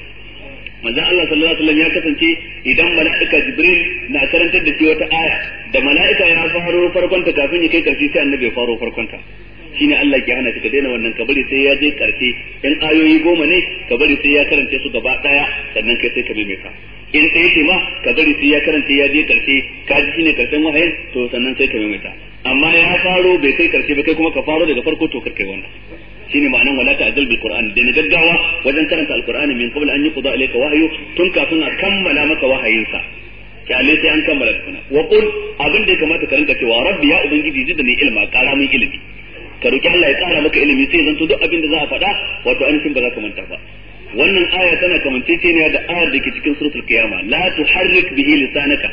manzon Allah sallallahu alaihi wasallam ya kasance idan mala'ika Jibril na karantar da shi wata aya da mala'ika ya faro farkon ta kafin ya kai karshe sai annabi ya faro farkon ta shine Allah ke hana ka daina wannan kabari sai ya je karshe in ayoyi goma ne kabari sai ya karance su gaba daya sannan kai sai ka maimaita in sai ce ma kabari sai ya karance ya je karshe ka ji shine karshen wahayin to sannan sai ka maimaita amma ya faro bai kai karshe ba kai kuma ka faro daga farko to kar kai wannan shine ma'anan wala ta'jal bil qur'an da na gaggawa wajen karanta alqur'ani min qabl an yuqda ilayka wahyu tun kafin a kammala maka wahayinsa kyale sai an kammala tukuna wa qul abin da ya kamata ka rinka cewa rabbi ya ubangiji zidni ilma kara min ilimi ka roki Allah ya kara maka ilimi sai zanto duk abin da za a faɗa wato ainihin ba za ka manta ba wannan aya tana kamanceceniya da ayar da ke cikin suratul qiyama la tuharrik bihi lisanaka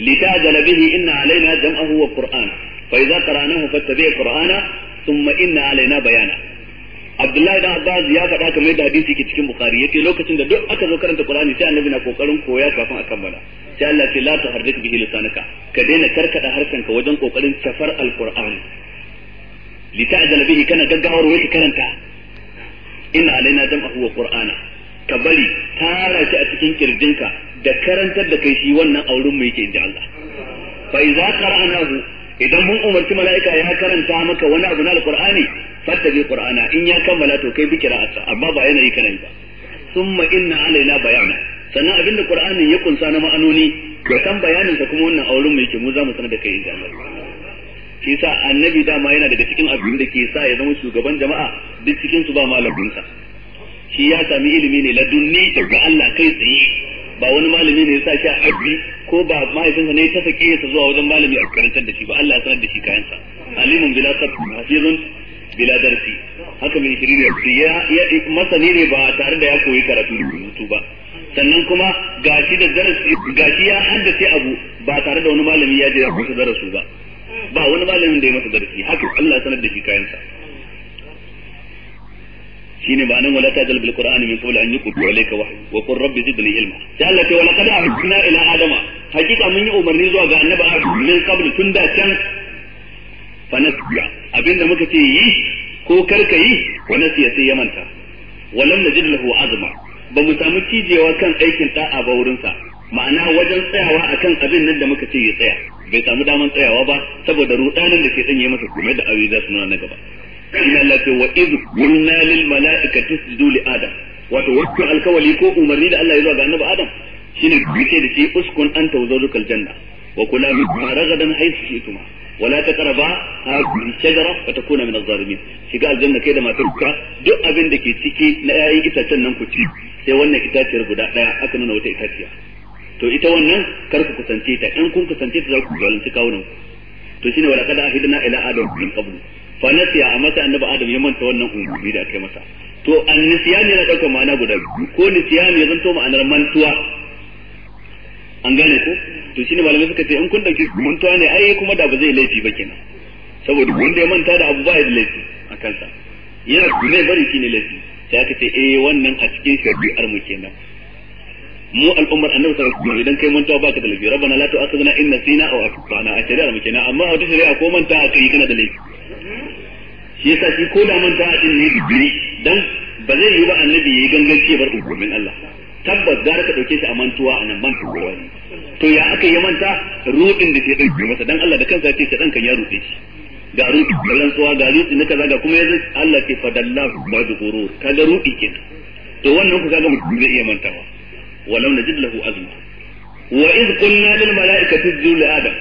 لتعجل به إن علينا جمعه وقرآنه فإذا قرأناه فاتبع قرآنه ثم إن علينا بيانه Abdullahi dan Abbas ya faɗa kamar da hadisi ke cikin Bukhari yace lokacin da duk aka zo karanta Qur'ani sai Annabi na kokarin koya kafin a kammala sai Allah ce la tuharrik bihi lisanaka ka daina karkada harkanka wajen kokarin tafar alqur'ani lita'jala bihi kana gaggawar wai karanta inna alaina jam'ahu wa qur'ana ka bari tara shi a cikin kirjinka da karantar da kai shi wannan aurin mu yake inda Allah fa idza qara'nahu idan mun umarci mala'ika ya karanta maka wani abu na alqur'ani fattabi qur'ana in ya kammala to kai bi qira'ata amma ba yana yi karanta. summa inna alaina bayana sannan abinda qur'anin ya kunsa na ma'anoni ka san bayanin sa kuma wannan auren mu yake mu za mu sanar da kai in Allah shi sa annabi dama yana daga cikin abin da ke sa ya zama shugaban jama'a duk cikin su ba malamin sa shi ya sami ilimi ne ladunni daga Allah kai tsaye ba wani malami ne ya sa shi a aji ko ba mahaifinsa ne ta sake sa zuwa wajen malami a karantar da shi ba Allah ya sanar da shi kayansa alimun bila sabbi hafizun bila darsi haka mai shiri ne ya ya masani ne ba tare da ya koyi karatu da rubutu ba sannan kuma gashi da darasi gashi ya haddace abu ba tare da wani malami ya je ya masa darasu ba ba wani malamin da ya masa darasi haka Allah ya sanar da shi kayansa shine ba nan wala tajal bil qur'ani min qabl an yuqdu ilayka wahyi wa qur rabbi zidni ilma sai Allah ce wala qad a'tana ila adama hakika mun yi umarni zuwa ga annabi adam min qabl tun da can fa nasiya abinda muka ce yi ko karka yi wa nasiya sai ya manta wa lam najid lahu azma ba mu samu cijewa kan aikin da'a ba wurin sa ma'ana wajen tsayawa akan abin nan da muka ce ya tsaya bai samu daman tsayawa ba saboda rudanin da ke danye masa kuma da awi za su nuna na gaba inna la wa iz qulna lil malaikati li adam wato wakil alkawali ko umarni da Allah ya zo ga annabi adam shine yake da shi uskun an wa zawjukal janna wa kula mimma ragadan haythu shi'tuma ولا تقربا هذه الشجرة فتكون من الظالمين shiga aljanna kai da matarka duk abinda ke ciki na ƴaƴan itacen nan ku ci sai wannan itaciyar guda ɗaya aka nuna wata itaciya to ita wannan kar ku kusance ta in kun kusance ta za ku zalunci kawunan ku to shine wala ila fa nasiya a mata annabi adam ya manta wannan umarni da aka yi masa to annisiyan yana ɗaukar ma'ana guda biyu ko nisiyan ya zanto ma'anar mantuwa an gane ko to shine malamai suka ce in kun dauki mantuwa ne ai kuma da ba zai laifi ba kenan saboda wanda ya manta da abu ba ya da laifi a kansa yana zai bari shine laifi sai aka ce eh wannan a cikin shari'ar mu kenan mu al'ummar annabi sallallahu alaihi idan kai mantuwa baka da laifi rabbana la tu'akhidhna in nasina aw akhtana a shari'ar mu kenan amma a wata shari'a ko manta a kai kana da laifi shi yasa shi ko da manta a din ne digiri dan ba zai yi ba annabi yayi ganganci bar domin Allah tabbas gara ka dauke shi a mantuwa a nan mantuwa. to ya aka yi manta ruɗin da ke dauke masa dan Allah da kansa ya ce ka dan kan ya ruɗe shi ga rudi ga rantsuwa ga ruɗi na kaza ga kuma yanzu Allah ke fadalla ba da goro kaga ruɗi ke to wannan ku kaga mutum zai iya mantawa walau najid lahu azma wa iz qulna lil malaikati isjudu li adam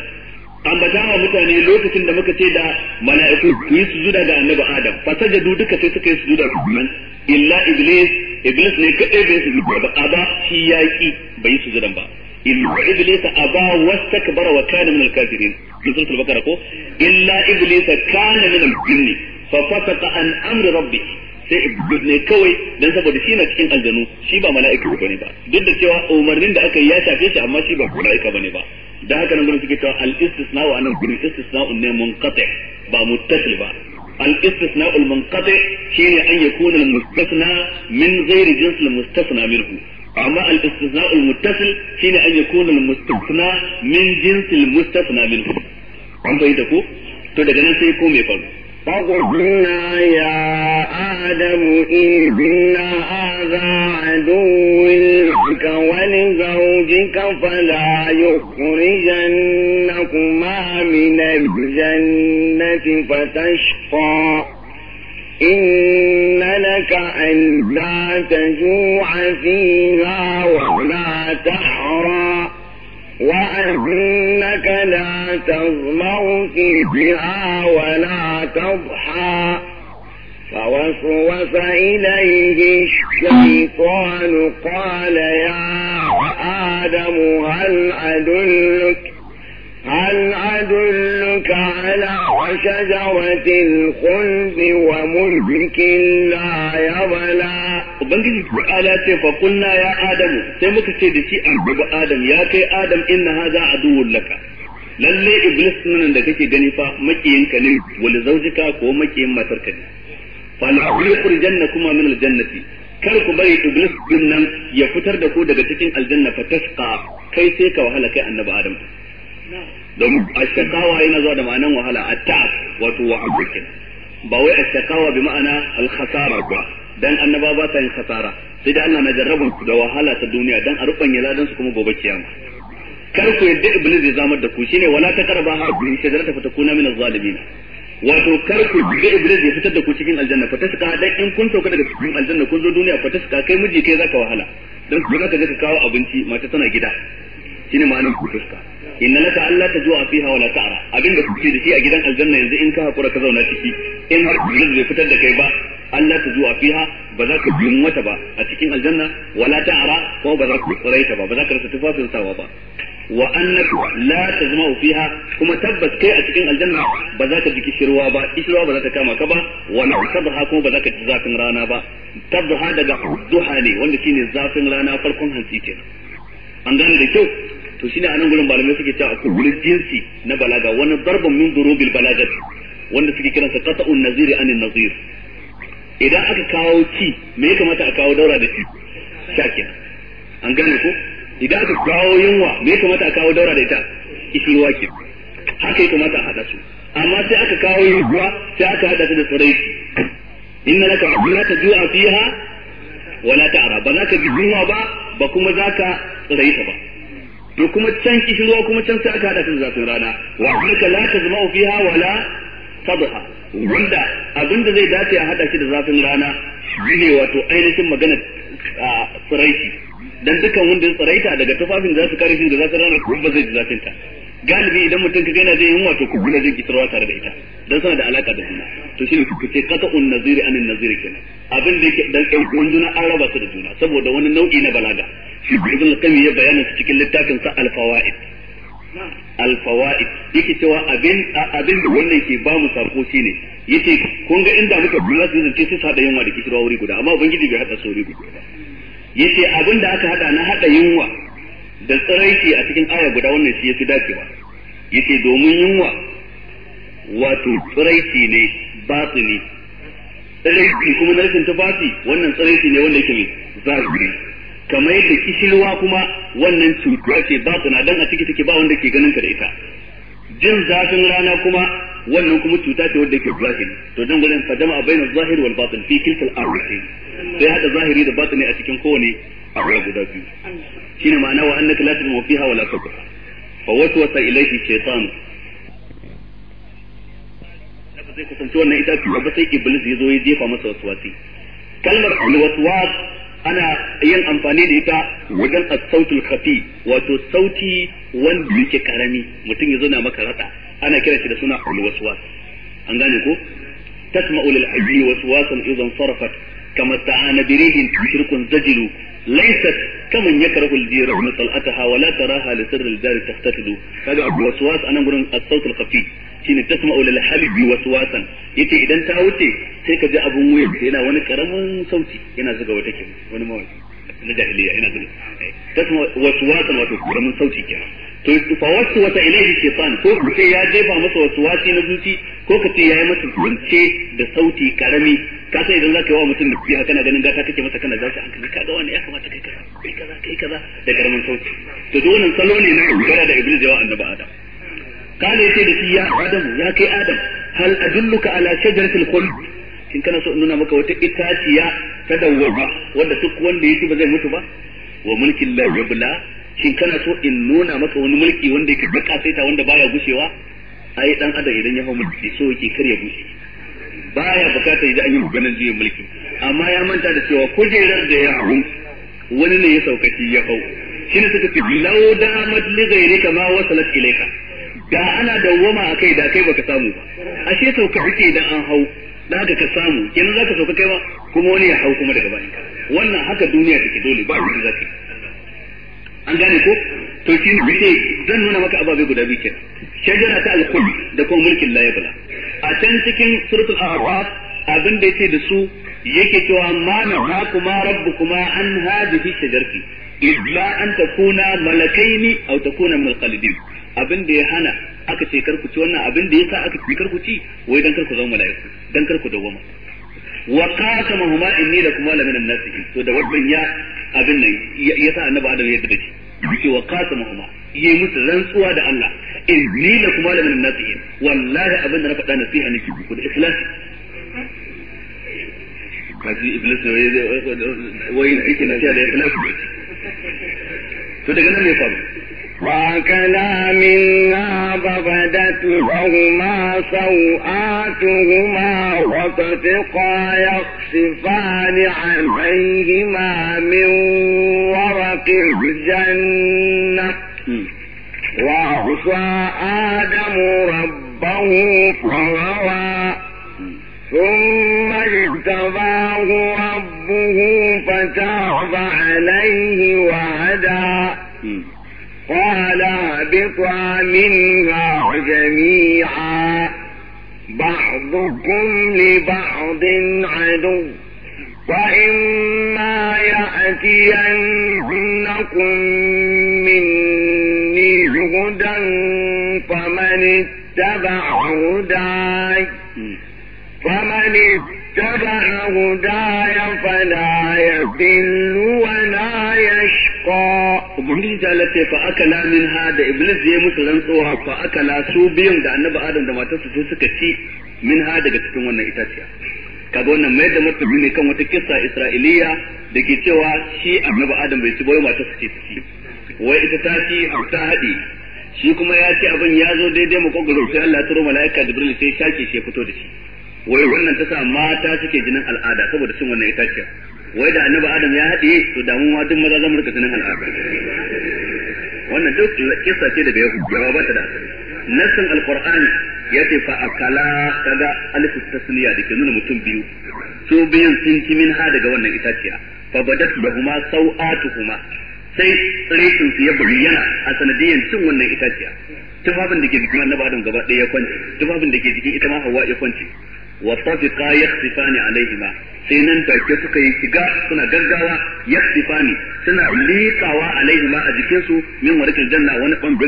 ambata ma mutane lokacin da muka ce da mala'iku ku yi sujuda ga annabi adam fasajadu duka sai suka yi sujuda nan illa iblis iblis ne kadai bai sujuda ba aba shi yaki bai sujudan ba illa iblis aba wastakbara wa kana min al-kafirin in suratul bakara ko illa iblis kana min al-jinni fa fasaqa an amri rabbih sai iblis ne kawai dan saboda shi na cikin aljanu shi ba mala'ika bane ba duk da cewa umarnin da aka yi ya shafe shi amma shi ba mala'ika bane ba da haka nan gurin suke cewa al istisna wa anan gurin istisna'un ne munqati ba muttasil ba al istisna'ul munqati shine an yakuna al mustasna min ghairi jins al mustasna minhu amma al istisna'ul muttasil shine an yakuna al mustasna min jins al mustasna minhu an bayyana ko to daga nan sai ko me faru فقلنا يا آدم إن هذا عدو لك ولزوجك فلا يخرجنكما من الجنة فتشقى إن لك أن لا تجوع فيها ولا تحرى وأنك لا تظمأ فيها ولا تضحى فوسوس إليه الشيطان قال يا آدم هل أدلك هل أدلك على شجرة الخلد وملك لا يبلى وبنجي ta'ala ce fa kunna ya Adamu sai muka ce da shi annabi Adam ya kai Adam lalle iblis nan da kake gani fa makiyinka ne wal zaujika ko makiyin matarka ne fa la kuma min al jannati kar ku bari iblis din nan ya fitar da ku daga cikin aljanna fa tasqa kai sai ka wahala kai annabi Adam don shakawa yana zuwa da ma'anan wahala a ta wato wa abokin ba wai shakawa bi ma'ana alkhasara ba dan annaba ba ta yin khasara sai da Allah na jarrabun da wahala ta duniya dan a rubanya ladan su kuma gobe kiyama kar ku yadda iblis zai zamar da ku shine wala ta karba ha bi shajarata fa takuna min az-zalimin wato kar ku yadda iblis zai fitar da ku cikin aljanna fa tasqa dan in kun sauka daga cikin aljanna kun zo duniya fa kai miji kai zaka wahala dan ku zaka je ka kawo abinci mata tana gida shine ma'anar kutuska inna laka fiha wala kuke da shi a gidan aljanna yanzu in ka hakura ka zauna ciki in har zai fitar da kai ba Allah ta zuwa fiha ba za ka bin wata ba a cikin aljanna wala ta'ra ko ba za ka ba ba za ka rasa tufafin sawa ba wa annaka la tazma'u fiha kuma tabbas kai a cikin aljanna ba za ka ba ba za ta kama ka ba wa kuma ba za ka ji zafin rana ba tadha daga duha ne wanda shine zafin rana farkon hantsi kenan an gane da kyau to shine anan gurin malamai suke cewa akwai wurin jinsi na balaga wani darban min durubil balagati wanda suke kiransa qata'un naziri anin nazir idan aka kawo ci me ya kamata a kawo daura da shi shakin an gane ko idan aka kawo yunwa me ya kamata a kawo daura da ita kishirwa waki haka ya kamata a hada su amma sai aka kawo yunwa sai aka hada su da tsirai inna laka laka ju'a fiha wala ta'ra ba za ka ji yunwa ba ba kuma za ka tsirai ba To kuma can kishirwa kuma can sai aka hada da zafin rana wa annaka la tazma'u fiha wala tadha wanda abinda zai dace a hada shi da zafin rana shine wato ainihin magana tsiraiki dan dukan wanda ya tsiraita daga tufafin za su kare shi da zafin rana ko ba zai ji zafin ta galibi idan mutum kaga yana jin yunwa to kubula zai kitarwa tare da ita dan sana da alaka da juna to shine ku ce kaka un naziri anin naziri kenan abin da yake dan ɗan juna an raba su da juna saboda wani nau'i na balaga ibn qayyim ya bayyana su cikin littafin sa al-fawaid al-fawaid yake cewa abin abin da wannan ke ba mu sako shine yace kun ga inda muka bula su zance sai da yunwa da kishirwa wuri guda amma ubangiji bai hada sauri guda ba yace abin da aka hada na hada yunwa da tsiraici a cikin aya guda wannan shi yafi dacewa yace domin yunwa wato tsiraici ne ne tsiraici kuma na rashin tufafi wannan tsiraici ne wanda yake mai zahiri kamar yadda kishilwa kuma wannan cutuwa ce ba su na dan a ciki take ba wanda ke ganin ka da ita jin zafin rana kuma wannan kuma cuta ce wadda ke zahiri to dan gudun fa jama'a bainal zahiri wal batin fi kilkal arwahi sai hada zahiri da batini a cikin kowane arwa guda biyu shine ma'ana wa annaka la tadmu fiha wala tuqra fa waswasa ilayhi shaytan zai kusanci wannan ita ba sai iblis ya zo ya jefa masa waswasi kalmar alwaswas ana yin amfani da ita wajen as khafi wato sauti wanda yake karami mutum ya zo na maka rada ana kira shi da suna al-waswas an gane ko tasma'u lil hayyi waswasan idan sarafat kama ta'ana bi rihin shirkun zajilu laysat kaman yakrahu al-jira masalataha wa la taraha li sirri al-dar kaga waswas anan gurin as khafi shine tasma'u lil halbi waswasan yace idan ta wuce sai ka ji abun wuyan yana wani karamin sauti yana zuga wata kin wani mawaki na jahiliya yana zuga tasma'u waswasan wato karamin sauti kenan to fa wasu wata ilaihi shaytan ko kace ya jefa masa waswasi na zuci ko ya yi masa kunce da sauti karami ka sai idan zaka yi wa mutum da fiha kana ganin gata kake masa kana zashi an ka ga wani ya kamata kai kaza kai kaza kai kaza da karamin sauti to dole salo ne na gara da iblis wa annabi adam قال يتي يا آدم يا كي آدم هل أدلك على شجرة الخلد shin kana so in nuna maka wata itaciya ta dawwama wanda duk wanda ya ci zai mutu ba wa mulkin la yabla shin kana so in nuna maka wani mulki wanda yake baka saita wanda baya gushewa ai dan adam idan ya hau mulki so yake kar ya gushe baya bukata idan an yi maganar juyin mulki amma ya manta da cewa kujerar da ya hau wani ne ya saukaci ya hau shine suka ce law damat li ghayrika ma wasalat Ilaika. da ana dawwama a kai da kai baka samu ba ashe ka uke da an hau da haka ka samu yanzu zaka sauka kai ba kuma wani ya hau kuma daga bayan ka wannan haka duniya take dole ba wanda zaka an gane ko to shi ne zan nuna maka ababe guda biyu kenan shajara ta al da kuma mulkin la a can cikin suratul a'raf abin da yake da su yake cewa ma nahakuma kuma an hadhihi shajarati illa an takuna malakaini aw takuna min al abin da ya hana aka ce karku ci wannan abin da yasa aka ce karku ci wai dan karku zama mala'iku dan karku dawwama wa huma inni lakum wala min an to da wannan ya abin nan yasa annabi adam ya dace shi wa wa huma yayi musu rantsuwa da Allah inni lakum wala min an wallahi abin da na faɗa nasiha nake ku da ikhlasi kaji iblis ne wai wai yake nasiha da ikhlasi to daga nan ne faru فأكلا منا فبدت لهما سوآتهما وتفقا يخصفان عليهما من ورق الجنة وعصى آدم ربه فغوى ثم اجتباه ربه فتاب عليه وهدى قال اهبطا منها جميعا بعضكم لبعض عدو وإما يأتينكم مني هدى فمن اتبع هداي فمن اتبع هداي فلا يضل ولا يشقى ubangiji ta lace fa akala min ha da iblis ya musu rantsuwa fa akala su biyun da annabi adam da matar su suka ci min ha daga cikin wannan itaciya kaga wannan mai da martabi ne kan wata kissa isra'iliya da ke cewa shi annabi adam bai ci ba su ce ta ci wai ita ta ci har ta haɗe shi kuma ya ce abin ya zo daidai makogaro sai Allah ya turo mala'ika jibril sai shake shi ya fito da shi wai wannan ta sa mata suke jinin al'ada saboda cin wannan itaciyar wai da annabi adam ya haɗe to damuwa duk maza zamu rika jinin al'ada wannan duk kissa ce daga ya ba ta da asali nassin alqur'ani ce fa akala kaga alif tasniya dake nuna mutum biyu su biyun sun ci min ha daga wannan itaciya fa badat lahuma sau'atuhuma sai tsirikin su ya bayyana a sanadiyan cin wannan itaciya tufafin da ke jikin annabadin adam gaba ɗaya ya kwance tufafin da ke jikin ita ma hawa ya kwance wa tafiqa عليهما سينن sai nan take suka yi siga suna gaggawa عليهما suna liƙawa ورق a ونقوم su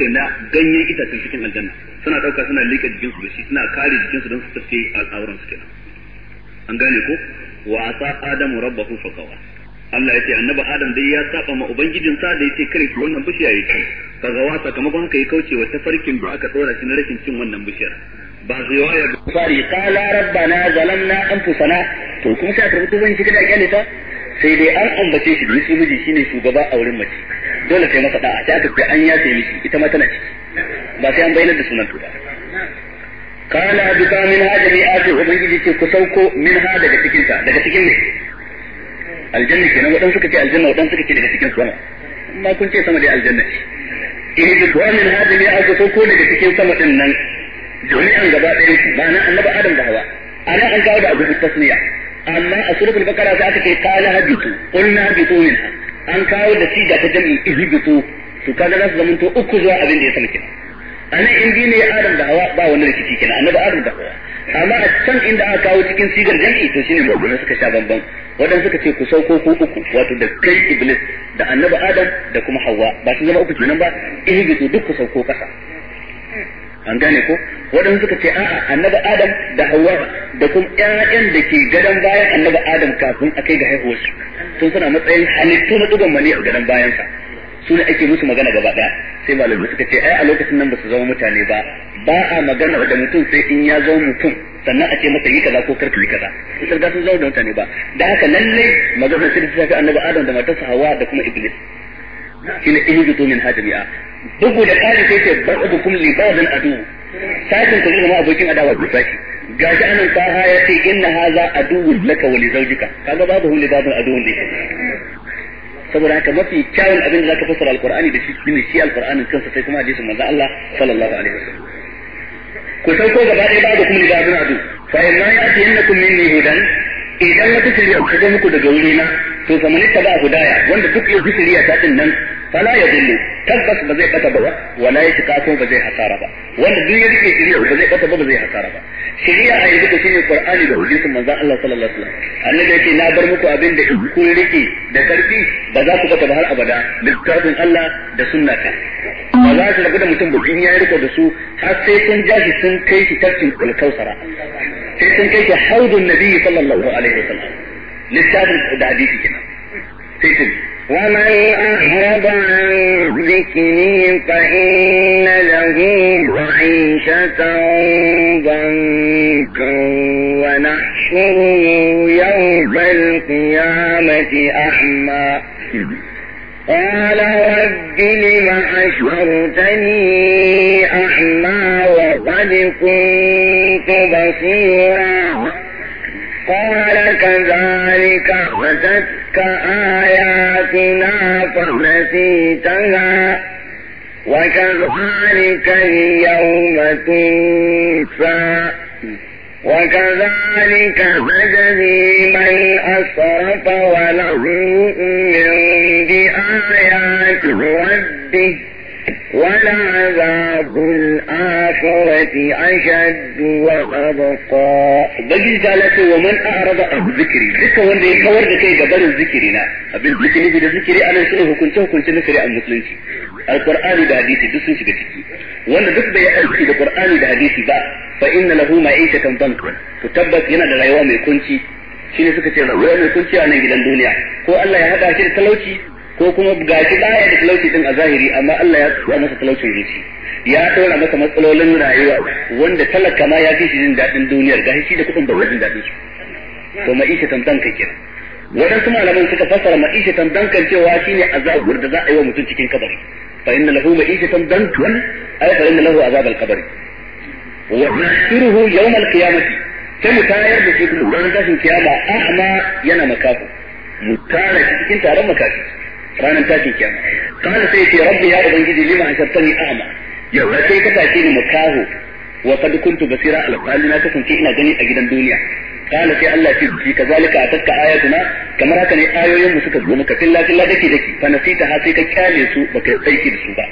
min إتا تنشكين wani سنة na ganyen itacen cikin بشي suna كاري suna liƙa تسكي da shi suna آدم ربه فقوا Allah ya ce annabi Adam dai ya saba ma ubangijin sa da ce kare wannan bishiya yake ga wasa sakamakon haka yi kauce wa tafarkin da aka dora shi na rashin cin wannan bishiyar ba riwaya bukhari qala rabbana an fusana. to kuma sai ka rubuta ban cikin da kyale sai dai an ambace shi da miji shi ne shugaba a wurin mace dole sai masa da'a sai aka ce an ya sai miki ita ma tana ciki ba sai an bayyana da sunan tuda kana bika min hada bi ati ubangiji ce ku sauko min ha daga cikin daga cikin ne aljanna kenan wadan suka ce aljanna wadan suka ce daga cikin sama amma kun ce sama dai aljanna ce eh duk wa min hada bi ati sauko daga cikin sama din nan jami'an gaba ɗaya su ba na annabi adam da hawa ana an kawo da abu tasmiya amma a suratul bakara za ta ce qala habitu qulna habitu minha an kawo da siga ta jami'i ihbitu to kaga za su to uku zuwa abin da ya sanke ana in bi ne adam da hawa ba wani rikici kenan annabi adam da hawa amma a can inda aka kawo cikin sigar jami'i to shine magunan suka sha bamban wadan suka ce ku sauko ku uku wato da kai iblis da annabi adam da kuma hawa ba su zama uku kenan ba ihbitu duk ku sauko kasa an gane ko waɗanda suka ce a'a annabi adam da hawa da kuma ƴaƴan da ke gadon bayan annabi adam kafin a kai ga haihuwarsu sun suna matsayin halittu na ɗigon mani a gadon sa su ne ake musu magana gaba ɗaya sai malamai suka ce ai a lokacin nan ba su zama mutane ba ba a magana da mutum sai in ya zama mutum sannan a ce masa yi kaza ko karka yi kaza sun ga sun zama da mutane ba da haka lalle magana sai ta shafi annabi adam da matarsa hawa da kuma iblis shine ihjutu min hadami'a bugu da kare sai ce ba'dukum kulli ba'din adu sakin ku zama abokin adawa da saki gashi anan ha ya ce inna haza adu laka wa li zawjika kaga babu hu li ba'din aduwwun ne saboda haka mafi kyawun abin da zaka fassara alqur'ani da shi shine shi alqur'anin kansa sai kuma hadisin manzo Allah sallallahu alaihi wasallam ku sauko gaba ɗaya babu kuma da abin adu fa inna ya'tiyannakum minni hudan idan na shari'a ta zo muku daga wurina to zamanin ta ba hudaya wanda duk ya bi shari'a ta nan fala ya dillu tabbas ba zai kata ba wala ya shika ko ba zai hasara ba wanda duk ya rike shari'a ba zai kata ba ba zai hasara ba shari'a a yanzu da shi ne qur'ani da hadisin manzon Allah sallallahu alaihi wasallam annabi yake na bar muku abin da kun rike da karfi ba za ku kata ba har abada littafin Allah da sunnata ba za ku rabu da mutum ba duniya ya rike da su har sai sun jashi sun kai shi tafsir al-kausara sai sun kai shi haudun nabi sallallahu alaihi wasallam littafin da hadisi kenan sai ومن أعرض عن ذكري فإن له معيشة ضنكا ونحشره يوم القيامة أعمى قال رب لم حشرتني أعمى وقد كنت بصيرا قال كذلك وجدت آيات أخلاق نسيتها وكذلك اليوم تنسى وكذلك نجزي من أسرف ولم يؤمن بآيات ربه ولعذاب الآخرة أشد وأبقى بجي جالك ومن أعرض أبو ذكري ذكر وان دي كور دكي قبل الذكرنا أبو ذكري دي ذكري أنا شئه كنت كنت نكري عن مسلمتي القرآن دا حديثي دسن شكتك وان دك بي ألقي القرآن دا حديثي با فإن له ما معيشة ضنكا فتبت ينا ده رأيوامي كنتي shine suka ce rayuwa mai kunci a nan gidan duniya ko Allah ko kuma ga shi baya da talauci din a zahiri amma Allah ya tsaya masa talaucin zuci ya tsora masa matsalolin rayuwa wanda talaka ma ya fi shi jin daɗin duniyar ga shi da kuɗin ba jin daɗin shi. to ma'isha tantan ka kira waɗansu malaman suka fassara ma'isha tantan kan cewa shine azabur da za a yi wa mutum cikin kabari fa inna lahu ma'isha tantan tuwan ay fa inna lahu azab al-qabri wa nahsuruhu yawm al-qiyamati sai mu tayar da shi ran tashin kiyama a'ma yana makafu mu tare cikin taron makafi ranar tashin kiyama kana sai ce rabbi ya ubangiji lima yi a'ma yau sai ka tashi ni makaho wa kad kuntu basira alqali na kasance ina gani a gidan duniya kana sai Allah ce bi kazalika atatka ayatuna kamar haka ne ayoyin mu suka zo maka filla filla dake dake fa nasita ha sai ka kyale su baka aiki da su ba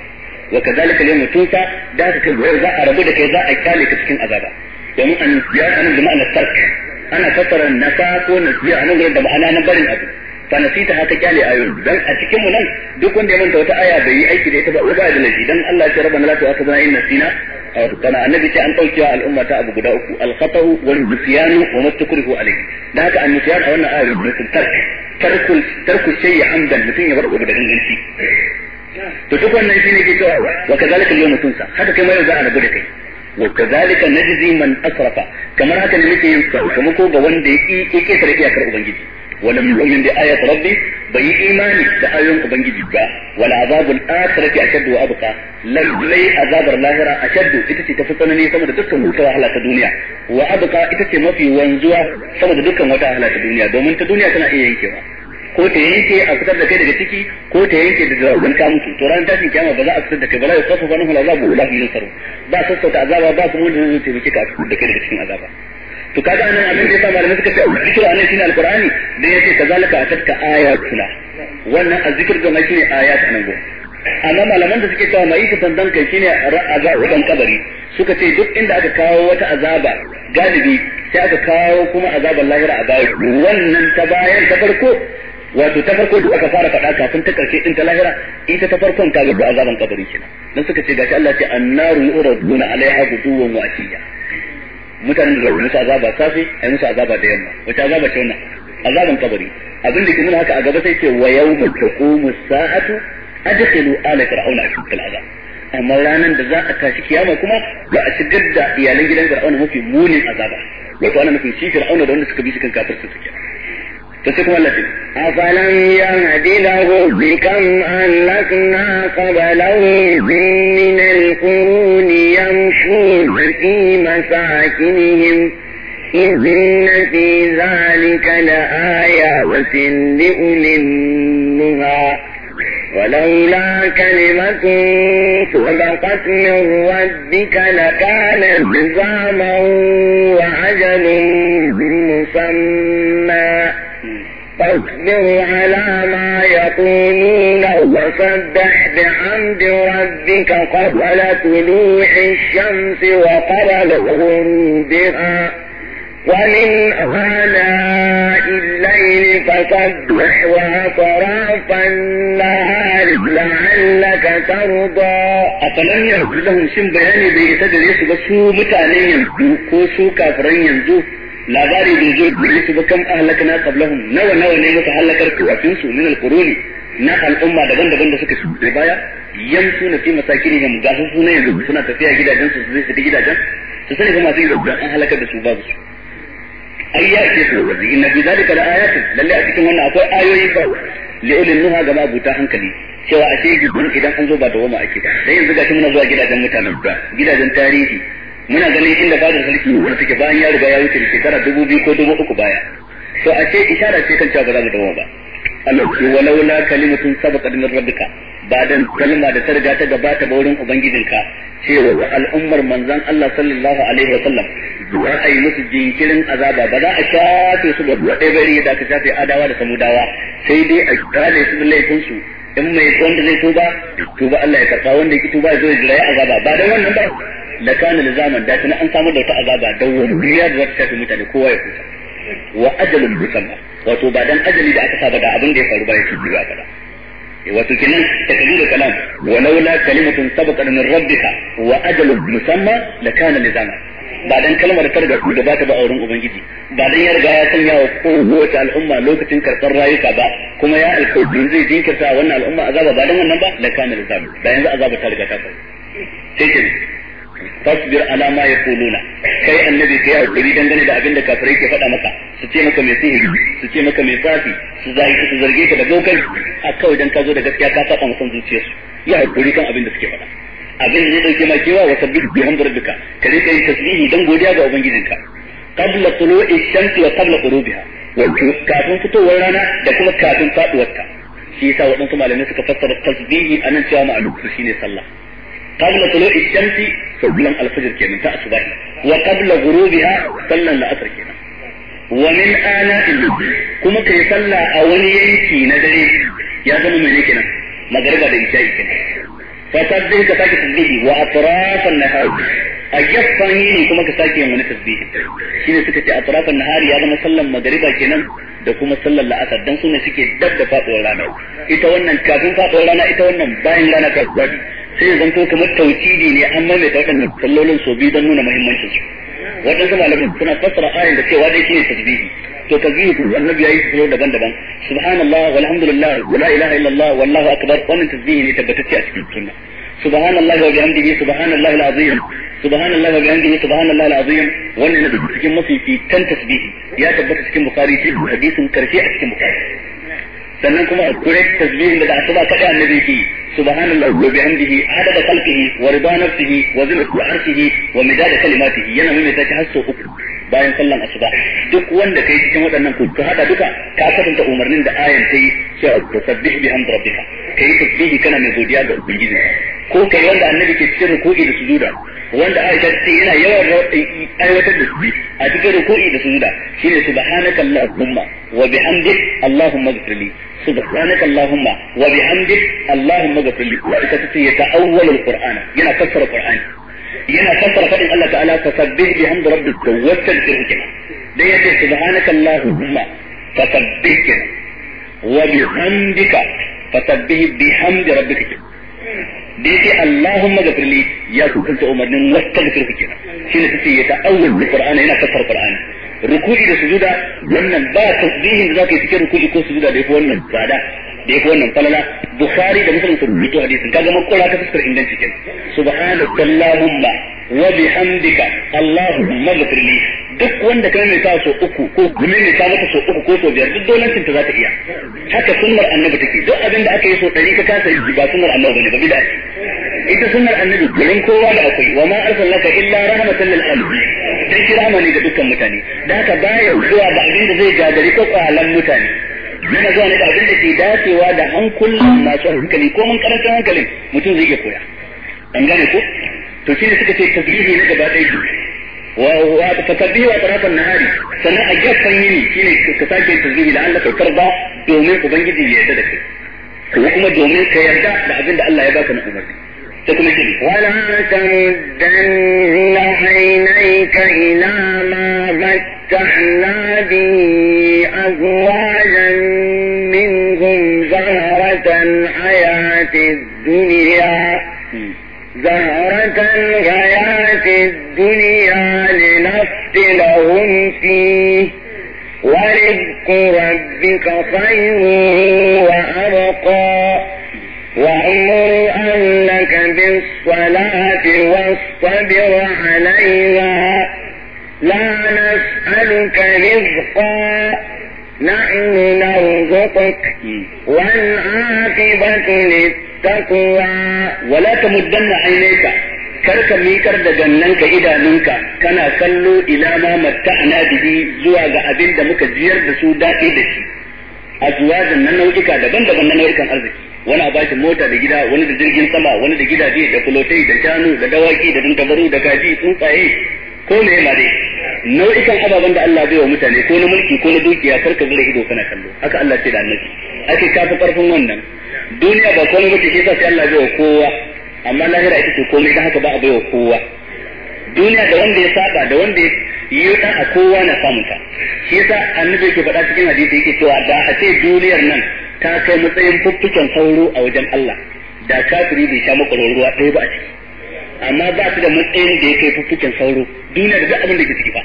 wa kazalika yawma tunsa da ka kai za a rabu da kai za a kyale ka cikin azaba domin an ya jama'a na tark ana fassara nasa ko nasiya anan gurin da ma'ana na barin abu fa nasita haka kyale ayoyin dan a cikin mu nan duk wanda ya manta wata aya bai yi aiki da ita ba ba da laifi dan Allah a rabbana la tu'akhidna in nasina kana annabi ce an dauke al'umma ta abu guda uku al-khata'u wal nisyanu wa mastakrihu alayhi dan haka an nisyan a wannan ayar da tark tarkul tarku shay'i mutum ya bar to wa haka kai a rabu da kai وكذلك نجزي من أسرف كما هكذا نجزي ينسى كما كوبا وان دي إيه إيه كيسر إيه أكر ولم يؤمن بآية ربي بي إيماني بآيون أبنجي جبا والعذاب الآخرة أشد وأبقى لي عذاب اللاهرة أشد إتتي تفصلني سمد دكا موتا أهلا الدنيا وأبقى إتتي ما في وانزوا سمد دكا موتا duniya domin ta duniya tana iya yankewa ko ta yanke a fitar da kai daga ciki ko ta yanke da zarafin ka mutu to ran tashin kiyama ba za a fitar da kai ba la yusafu ba nuhu azabu la yusaru ba sassauta azaba ba kuma da zai taimake ka da kai daga cikin azaba to kaga anan abin da yasa malamai suka ce zikir anan shine alqur'ani da yake kazalika atatka ayatuna wannan azzikir da mai ne ayat anan go amma malaman da suke cewa mai ka sandan kai shine azaban kabari suka ce duk inda aka kawo wata azaba galibi sai aka kawo kuma azaban lahira a baya wannan ta bayan ta farko wato ta farko da aka fara faɗa kafin ta karshe din ta lahira ita ta farkon kaga da azaban kabari kenan dan suka ce gashi Allah ya ce annaru yuraduna alaiha guduwan wa asiya mutanen da musu azaba safe yi musu azaba da yamma wata azaba ce wannan azaban kabari abin da ke nuna haka a gaba sai ce wa ta komu sa'atu adkhilu ala fir'auna cikin al'azab amma ranar da za a tashi kiyama kuma ba a shigar da iyalan gidan fir'auna mafi munin azaba wato ana nufin shi fir'auna da wanda suka bi su kan kafirci suke أفلم يهد له بكم أهلكنا قبلهم من القرون يمشون في مساكنهم إن في ذلك لآية لأولي النهى ولولا كلمة سبقت من ربك لكان لزاما وعجل مسمى فاصبر على ما يقولون وسبح بحمد ربك قبل طلوع الشمس وقبل غروبها ومن آلاء الليل فسبح وأطراف النهار لعلك ترضى أفلم يعد لهم شم بياني بيتدرس بسو متعلين كوسو كافرين ينزو labari bai zo da su ba kan ahlakana qablahum nawa nawa ne muka halakar ku a cikin su min alquruni na al'umma daban-daban da suka shuɗe baya yamsu na fi masakinihim ga su suna yanzu suna tafiya gidajen su zai fita gidajen su sani kuma yi yanzu an halakar da su babu su ai ya ce su wazi inna fi zalika da ayatin lalle a cikin wannan akwai ayoyi fa li ulil nuha ga mabuta hankali cewa a ce gidan idan an zo ba da wama ake ba dan yanzu ga shi muna zuwa gidajen mutanen da gidajen tarihi muna ganin inda fadar sarki wanda take bayan ya riga ya wuce shekara dubu biyu ko dubu uku baya to a ce isharar ce kan cewa ba za mu dawo ba Allah ce walau la kalimatun sabaqat min rabbika ba dan kalma da ta riga ta gabata ba wurin ubangijinka cewa al'ummar manzon Allah sallallahu alaihi wa sallam zuwa a yi musu jinkirin azaba ba za a shafe su ga ɗaya bari da ta shafe adawa da samudawa sai dai a kare su laifin su in mai wanda zai tuba tuba Allah ya karɓa wanda ya ki tuba zai jira ya azaba ba dan wannan ba da kana zaman da tana an samar da wata azaba wuriya da za tafi mutane kowa ya kusa wa ajalun musamma wato ba dan ajali da aka saba da abin da ya faru ba ya ci ba kada wato kenan da kalam wa laula kalimatun sabaqat min rabbika wa ajalun musamma la kana zaman ba dan kalmar da targa da ba ta ba auren ubangiji ba dan ya riga ya sanya wa kowace al'umma lokacin karɓar rayuka ba kuma ya alƙawarin zai jinkirta wannan al'umma azaba ba dan wannan ba la kana zaman da yanzu azaba ta riga ta faru sai fasbir ala ma yaquluna kai annabi kai hakuri dangane da abin da kafirai ke faɗa maka su ce maka mai sihiri su ce maka mai safi su zagi su zarge ka da gaukai a kawai dan ka zo da gaskiya ka saba musan zuciyarsu ya hakuri kan abin da suke faɗa abin da zai dauke ma kewa wa sabbih bihamdi rabbika ka rika yin tasbihi dan godiya ga ubangijinka qabla tulu'i shamsi wa qabla ghurubiha kafin fitowar rana da kuma kafin faduwarta shi yasa waɗansu malamai suka fassara tasbihi anan cewa ma'alufu shine sallah qabla tulu'i shamsi sallan al-fajr kenan ta asuba wa qabla ghurubiha sallan al-asr kenan wa min ana kuma kai sallah a wani yanki na dare ya zama mai kenan magariba da تسبيحي وأطراف النهار أجفن يني كما كساك يمنى تسبيحي شين سكت أطراف النهار يا رب سلم مغربا كنن da kuma sallar la'asar dan sune suke dab da faɗuwar rana ita wannan kafin faɗuwar rana ita wannan bayan rana ta sai zan to kamar tauhidi ne an mai da wadannan sallolin so biyu don nuna muhimmancin su wadansu malamin suna fassara ayin da cewa dai shine tasbihi to tasbihi ko annabi yayi su daban-daban subhanallah walhamdulillah wala ilaha illallah wallahu akbar wannan tasbihi ne tabbatacce a cikin sunna subhanallah wa bihamdihi subhanallah alazim subhanallah wa bihamdihi subhanallah alazim wannan ne cikin mafifi tan tasbihi ya tabbata cikin bukhari shi hadisin karshe a cikin bukhari sannan kuma a kure tasbihin da asuba kada annabi ke سبحان الله وبحمده عدد خلقه ورضا نفسه وزنة عرشه ومداد كلماته yana mai ta hasso uku bayan sallan asuba duk wanda kai cikin waɗannan ku ka hada duka ka kasanta umarnin da ayan ta yi sai tasbih bihamd rabbika kai tasbihi kana mai godiya ga ubangiji ko kai wanda annabi ke cikin ruku'i da sujuda wanda Aisha ce yana yawan eh, aiwatar da shi a cikin ruku'i da sujuda shine subhanaka allahumma wa bihamdik allahumma ghfirli subhanaka allahumma wa bihamdik allahumma ghfirli Aisha ce ya ta'awwal alquran yana fassara qur'ani yana fassara fadin Allah ta'ala fasabbih bihamdi rabbika wa tadhkir kina da yace subhanaka allahumma ka kina wa bihamdika fasabbih bihamdi rabbika da yake Allahumma gafirli ya tukanta umarnin wata da kirki kenan ne tace ya ta'awwal bil qur'ani yana fassara qur'ani ruku'i da sujuda wannan ba tasbihin da zaka yi cikin ruku'i ko sujuda da yafi wannan tsada da ya wannan falala bukhari da muslim sun rubuto hadisin kaga makura ta fuskar inganci kenan subhanaka allahumma wa bihamdika allahumma ghfir li duk wanda kai mai sa so uku ko gume ne ta maka so uku ko so biyar duk dolancin ta za ta iya haka sunnar annabi take duk abin da aka yi so dari ka kasa yi ba sunnar annabi bane ba bid'a ita sunnar annabi gurin kowa da akwai wa ma arsalnaka illa rahmatan lil alamin dan kirama ne ga dukkan mutane da haka baya zuwa ba abin da zai gadari ko kwalan mutane yana zuwa ne da abin da ke dacewa da hankulan masu hankali ko mun karantar hankalin mutum zai iya koya an gane ko to shine suka ce tasbihi ne gaba ɗaya فتبيه وطرف النهار سنة أجاب فنيني شيني كتاكي تزيه لعلك ترضى دومين أبنجي يعتدك وكما دومين كيرجع لأبين دا الله يباك نأمر ولا تمدن عينيك إلى ما متحنا به أزواجا في الدنيا زهرة الحياة الدنيا لنفتنهم فيه ورزق ربك خير وأبقى وأمر أهلك بالصلاة واصطبر عليها لا نسألك رزقا نحن نرزقك عاقبة للتقوى ولا تمدن عينيك kar ka mikar da gannanka idanunka kana kallo ila ma matta'na bihi zuwa ga abin da muka jiyar da su daɗi da shi A azwajin nan nau'ika daban-daban na nau'ikan arziki wani a bashi mota da gida wani da jirgin sama wani da gidaje da kulotai da shanu da dawaki da dandabaru da kaji tsuntsaye ko me ma dai nau'ikan ababen da Allah bai wa mutane ko na mulki ko na dukiya kar ka zura ido kana kallo haka Allah ce da annabi ake kafa karfin wannan duniya ba komai bace shi sai Allah bai wa kowa amma lahira ita ce komai dan haka ba a bai wa kowa duniya da wanda ya saba da wanda ya dan a kowa na samunta shi yasa annabi yake faɗa cikin hadisi yake cewa da a ce duniyar nan ta kai matsayin fuffuken sauro a wajen Allah da kafiri bai sha makwaron ruwa ɗaya ba a ciki amma ba su da matsayin da ya kai fuffuken sauro duniya da duk abin da ke ciki ba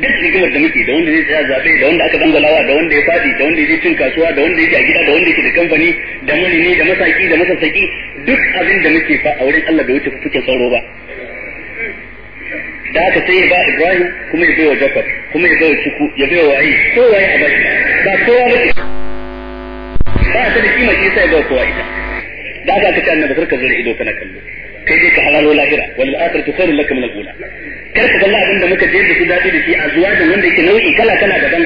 duk rigimar da muke da wanda zai tsaya zaɓe da wanda aka dangalawa da wanda ya faɗi da wanda ya cin kasuwa da wanda yake a gida da wanda yake da kamfani da marini da masaki da masassaki duk abin da muke fa a wurin Allah bai wuce fuke sauro ba da aka sai ya ba Ibrahim kuma ya baiwa Jacob kuma ya baiwa Cuku ya baiwa Wa'i kowa ya abashi ba kowa ba ke ba ta da kima shi sai ya baiwa kowa ita da aka ce annabi sarka zura ido kana kallo kai dai ka halalo lahira wal akhiratu khairul lak min al ula kar ka kalla abinda muka je da su dadi da shi a zuwa da wanda yake nau'i kala kala daban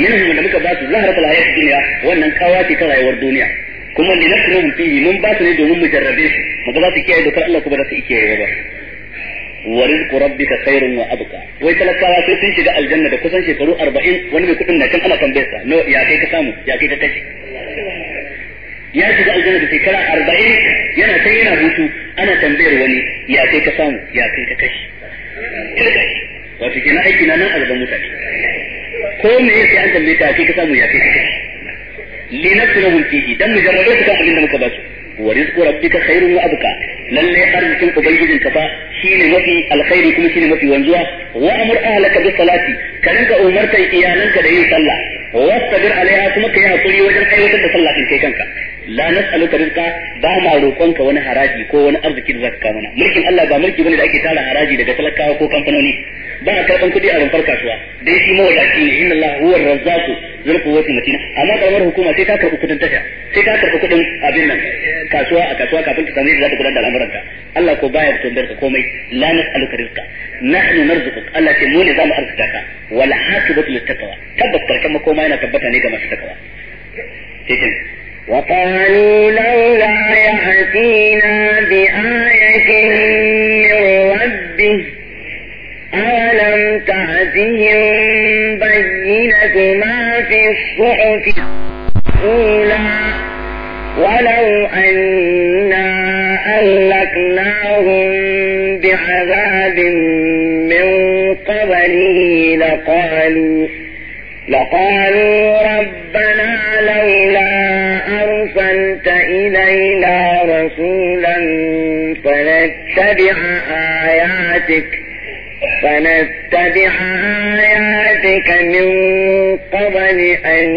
minhum da muka ba su zaharatul hayatid duniya wannan kawace ta rayuwar duniya kuma ne na kuma fihi mun ba su ne domin mu jarrabe su mu ga za su kiyaye dokar Allah kuma za su kiyaye ba wa rizqu rabbika khairun wa abqa wai talakawa sai sun shiga aljanna da kusan shekaru 40 wani mai kudin na kan ana tambayar sa ya kai ka samu ya kai ka tashi ya shiga aljanna da shekara arba'in yana ta yana hutu ana tambayar wani ya kai ka samu ya kai ka kashi wato kenan aiki na nan a mutane ko me ya an tambaye ka kai ka samu ya kai ka kashi linafsinahum fihi dan mu mujarrabe su kan abinda da muka ba su wa rizqu rabbika khairun wa abqa lalle arzikin ubangijin ka fa shine mafi alkhairi kuma shine mafi wanzuwa wa amur ahlaka bis salati ka rinka umartar iyalanka da yin sallah wastabir alaiha kuma kai hakuri wajen aiwatar da sallah din kai kanka la nas'aluka rizqa ba ma roƙonka wani haraji ko wani arziki da zaka mana mulkin Allah ba mulki bane da ake tara haraji daga talakawa ko kamfanoni ba a karɓan kuɗi a rumfar kasuwa dai shi mawadaci ne inna Allah huwa razzaqu zul quwwati matin amma karamar hukuma sai ta karɓi kuɗin tasha sai ta karɓi kuɗin abin nan kasuwa a kasuwa kafin ta samu yadda za ta gudanar da al'amuranta Allah ko baya tambayar ka komai la nas'aluka rizqa nahnu narzuquk Allah ce mu ne zamu arzuta ka wal hakibatu lit taqwa tabbas karshen makoma yana tabbata ne ga masu takawa sai وقالوا لولا يأتينا بآية من ربه أولم تعزهم بينة ما في الصحف الأولى ولو أنا أهلكناهم بعذاب من قبله لقالوا لقالوا ربنا لولا أرسلت إلينا رسولا فنتبع آياتك فنتبع آياتك من قبل أن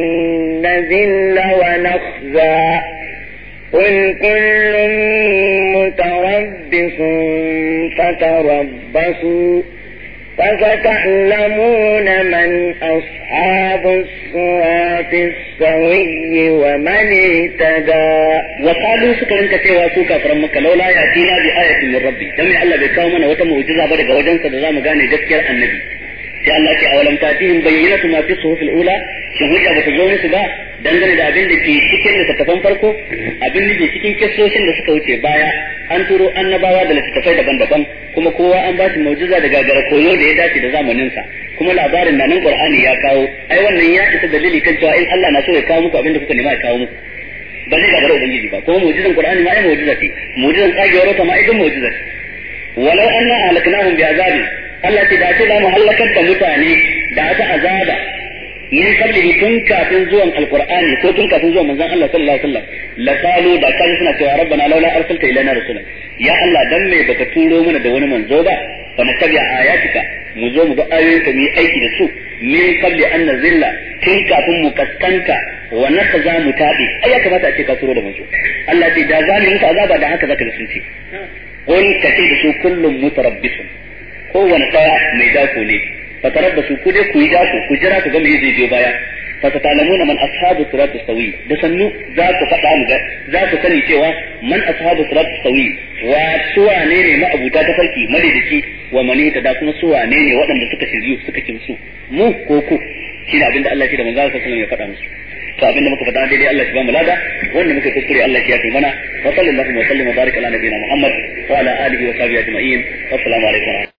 نذل ونخزى قل كل متربص فتربصوا فستعلمون من أصحاب الصراط السوي ومن اهتدى وقالوا سكرن كتوا سوكا فرم مكة لولا يأتينا بآية من ربي دمي الله بكاومنا وتموجزها بدك وجنسة دزام غاني جسكر النبي sai Allah ce awalam tatihim bayyana su mafi su hufi ula su hujja bata zo musu ba dangane da abin da ke cikin littattafan farko abin da ke cikin kissoshin da suka wuce baya an turo annabawa da littattafai daban-daban kuma kowa an ba shi mu'jiza da gagara koyo da ya dace da zamaninsa kuma labarin na nan Qur'ani ya kawo ai wannan ya isa dalili kan cewa in Allah na so ya kawo muku abin da kuka nema ya kawo muku ba zai gagara ubangiji ba kuma mu'jizan Qur'ani ma ai mu'jiza ce mu'jizan tsagewar wata ma ai duk mu'jiza ce walau anna ahlaknahum bi'azabin Allah ce da ake za mu halakar da mutane da aka azaba min kalli tun kafin zuwan alqur'ani ko tun kafin zuwan manzon Allah sallallahu alaihi wasallam la qalu da kan suna cewa rabbana laula arsalta ilaina rasulan ya Allah dan me baka turo mana da wani manzo ba fa na tabi'a ayatika mu zo mu ga ayoyinka mu yi aiki da su min kalli an tun kafin mu kaskanta wa nakaza mu tabi ai ya kamata a ce ka turo da manzo Allah ce da zalimin ka azaba da haka zaka da sunci qul kace da su kullum mutarabbisun kowane tsaya mai dako ne fatarabbasu ku dai ku yi dako ku jira ku ga me zai je baya fatatalamuna man ashabu sirat sawi da sannu za ku faɗa mu ga za ku sani cewa man ashabu sirat sawi wa suwa ne ne na abuta ta farki madadaki wa mani ta da kuma suwa ne ne waɗanda suka ci zuwa suka ci su mu ko ku shi ne abinda Allah shi da manzara sassan ya faɗa musu to abinda muka faɗa daidai Allah shi ba mu lada wanda muka kuskure Allah shi ya kai mana wa sallallahu wa sallama barika ala nabiyina muhammad wa ala alihi wa sahbihi ajma'in assalamu alaikum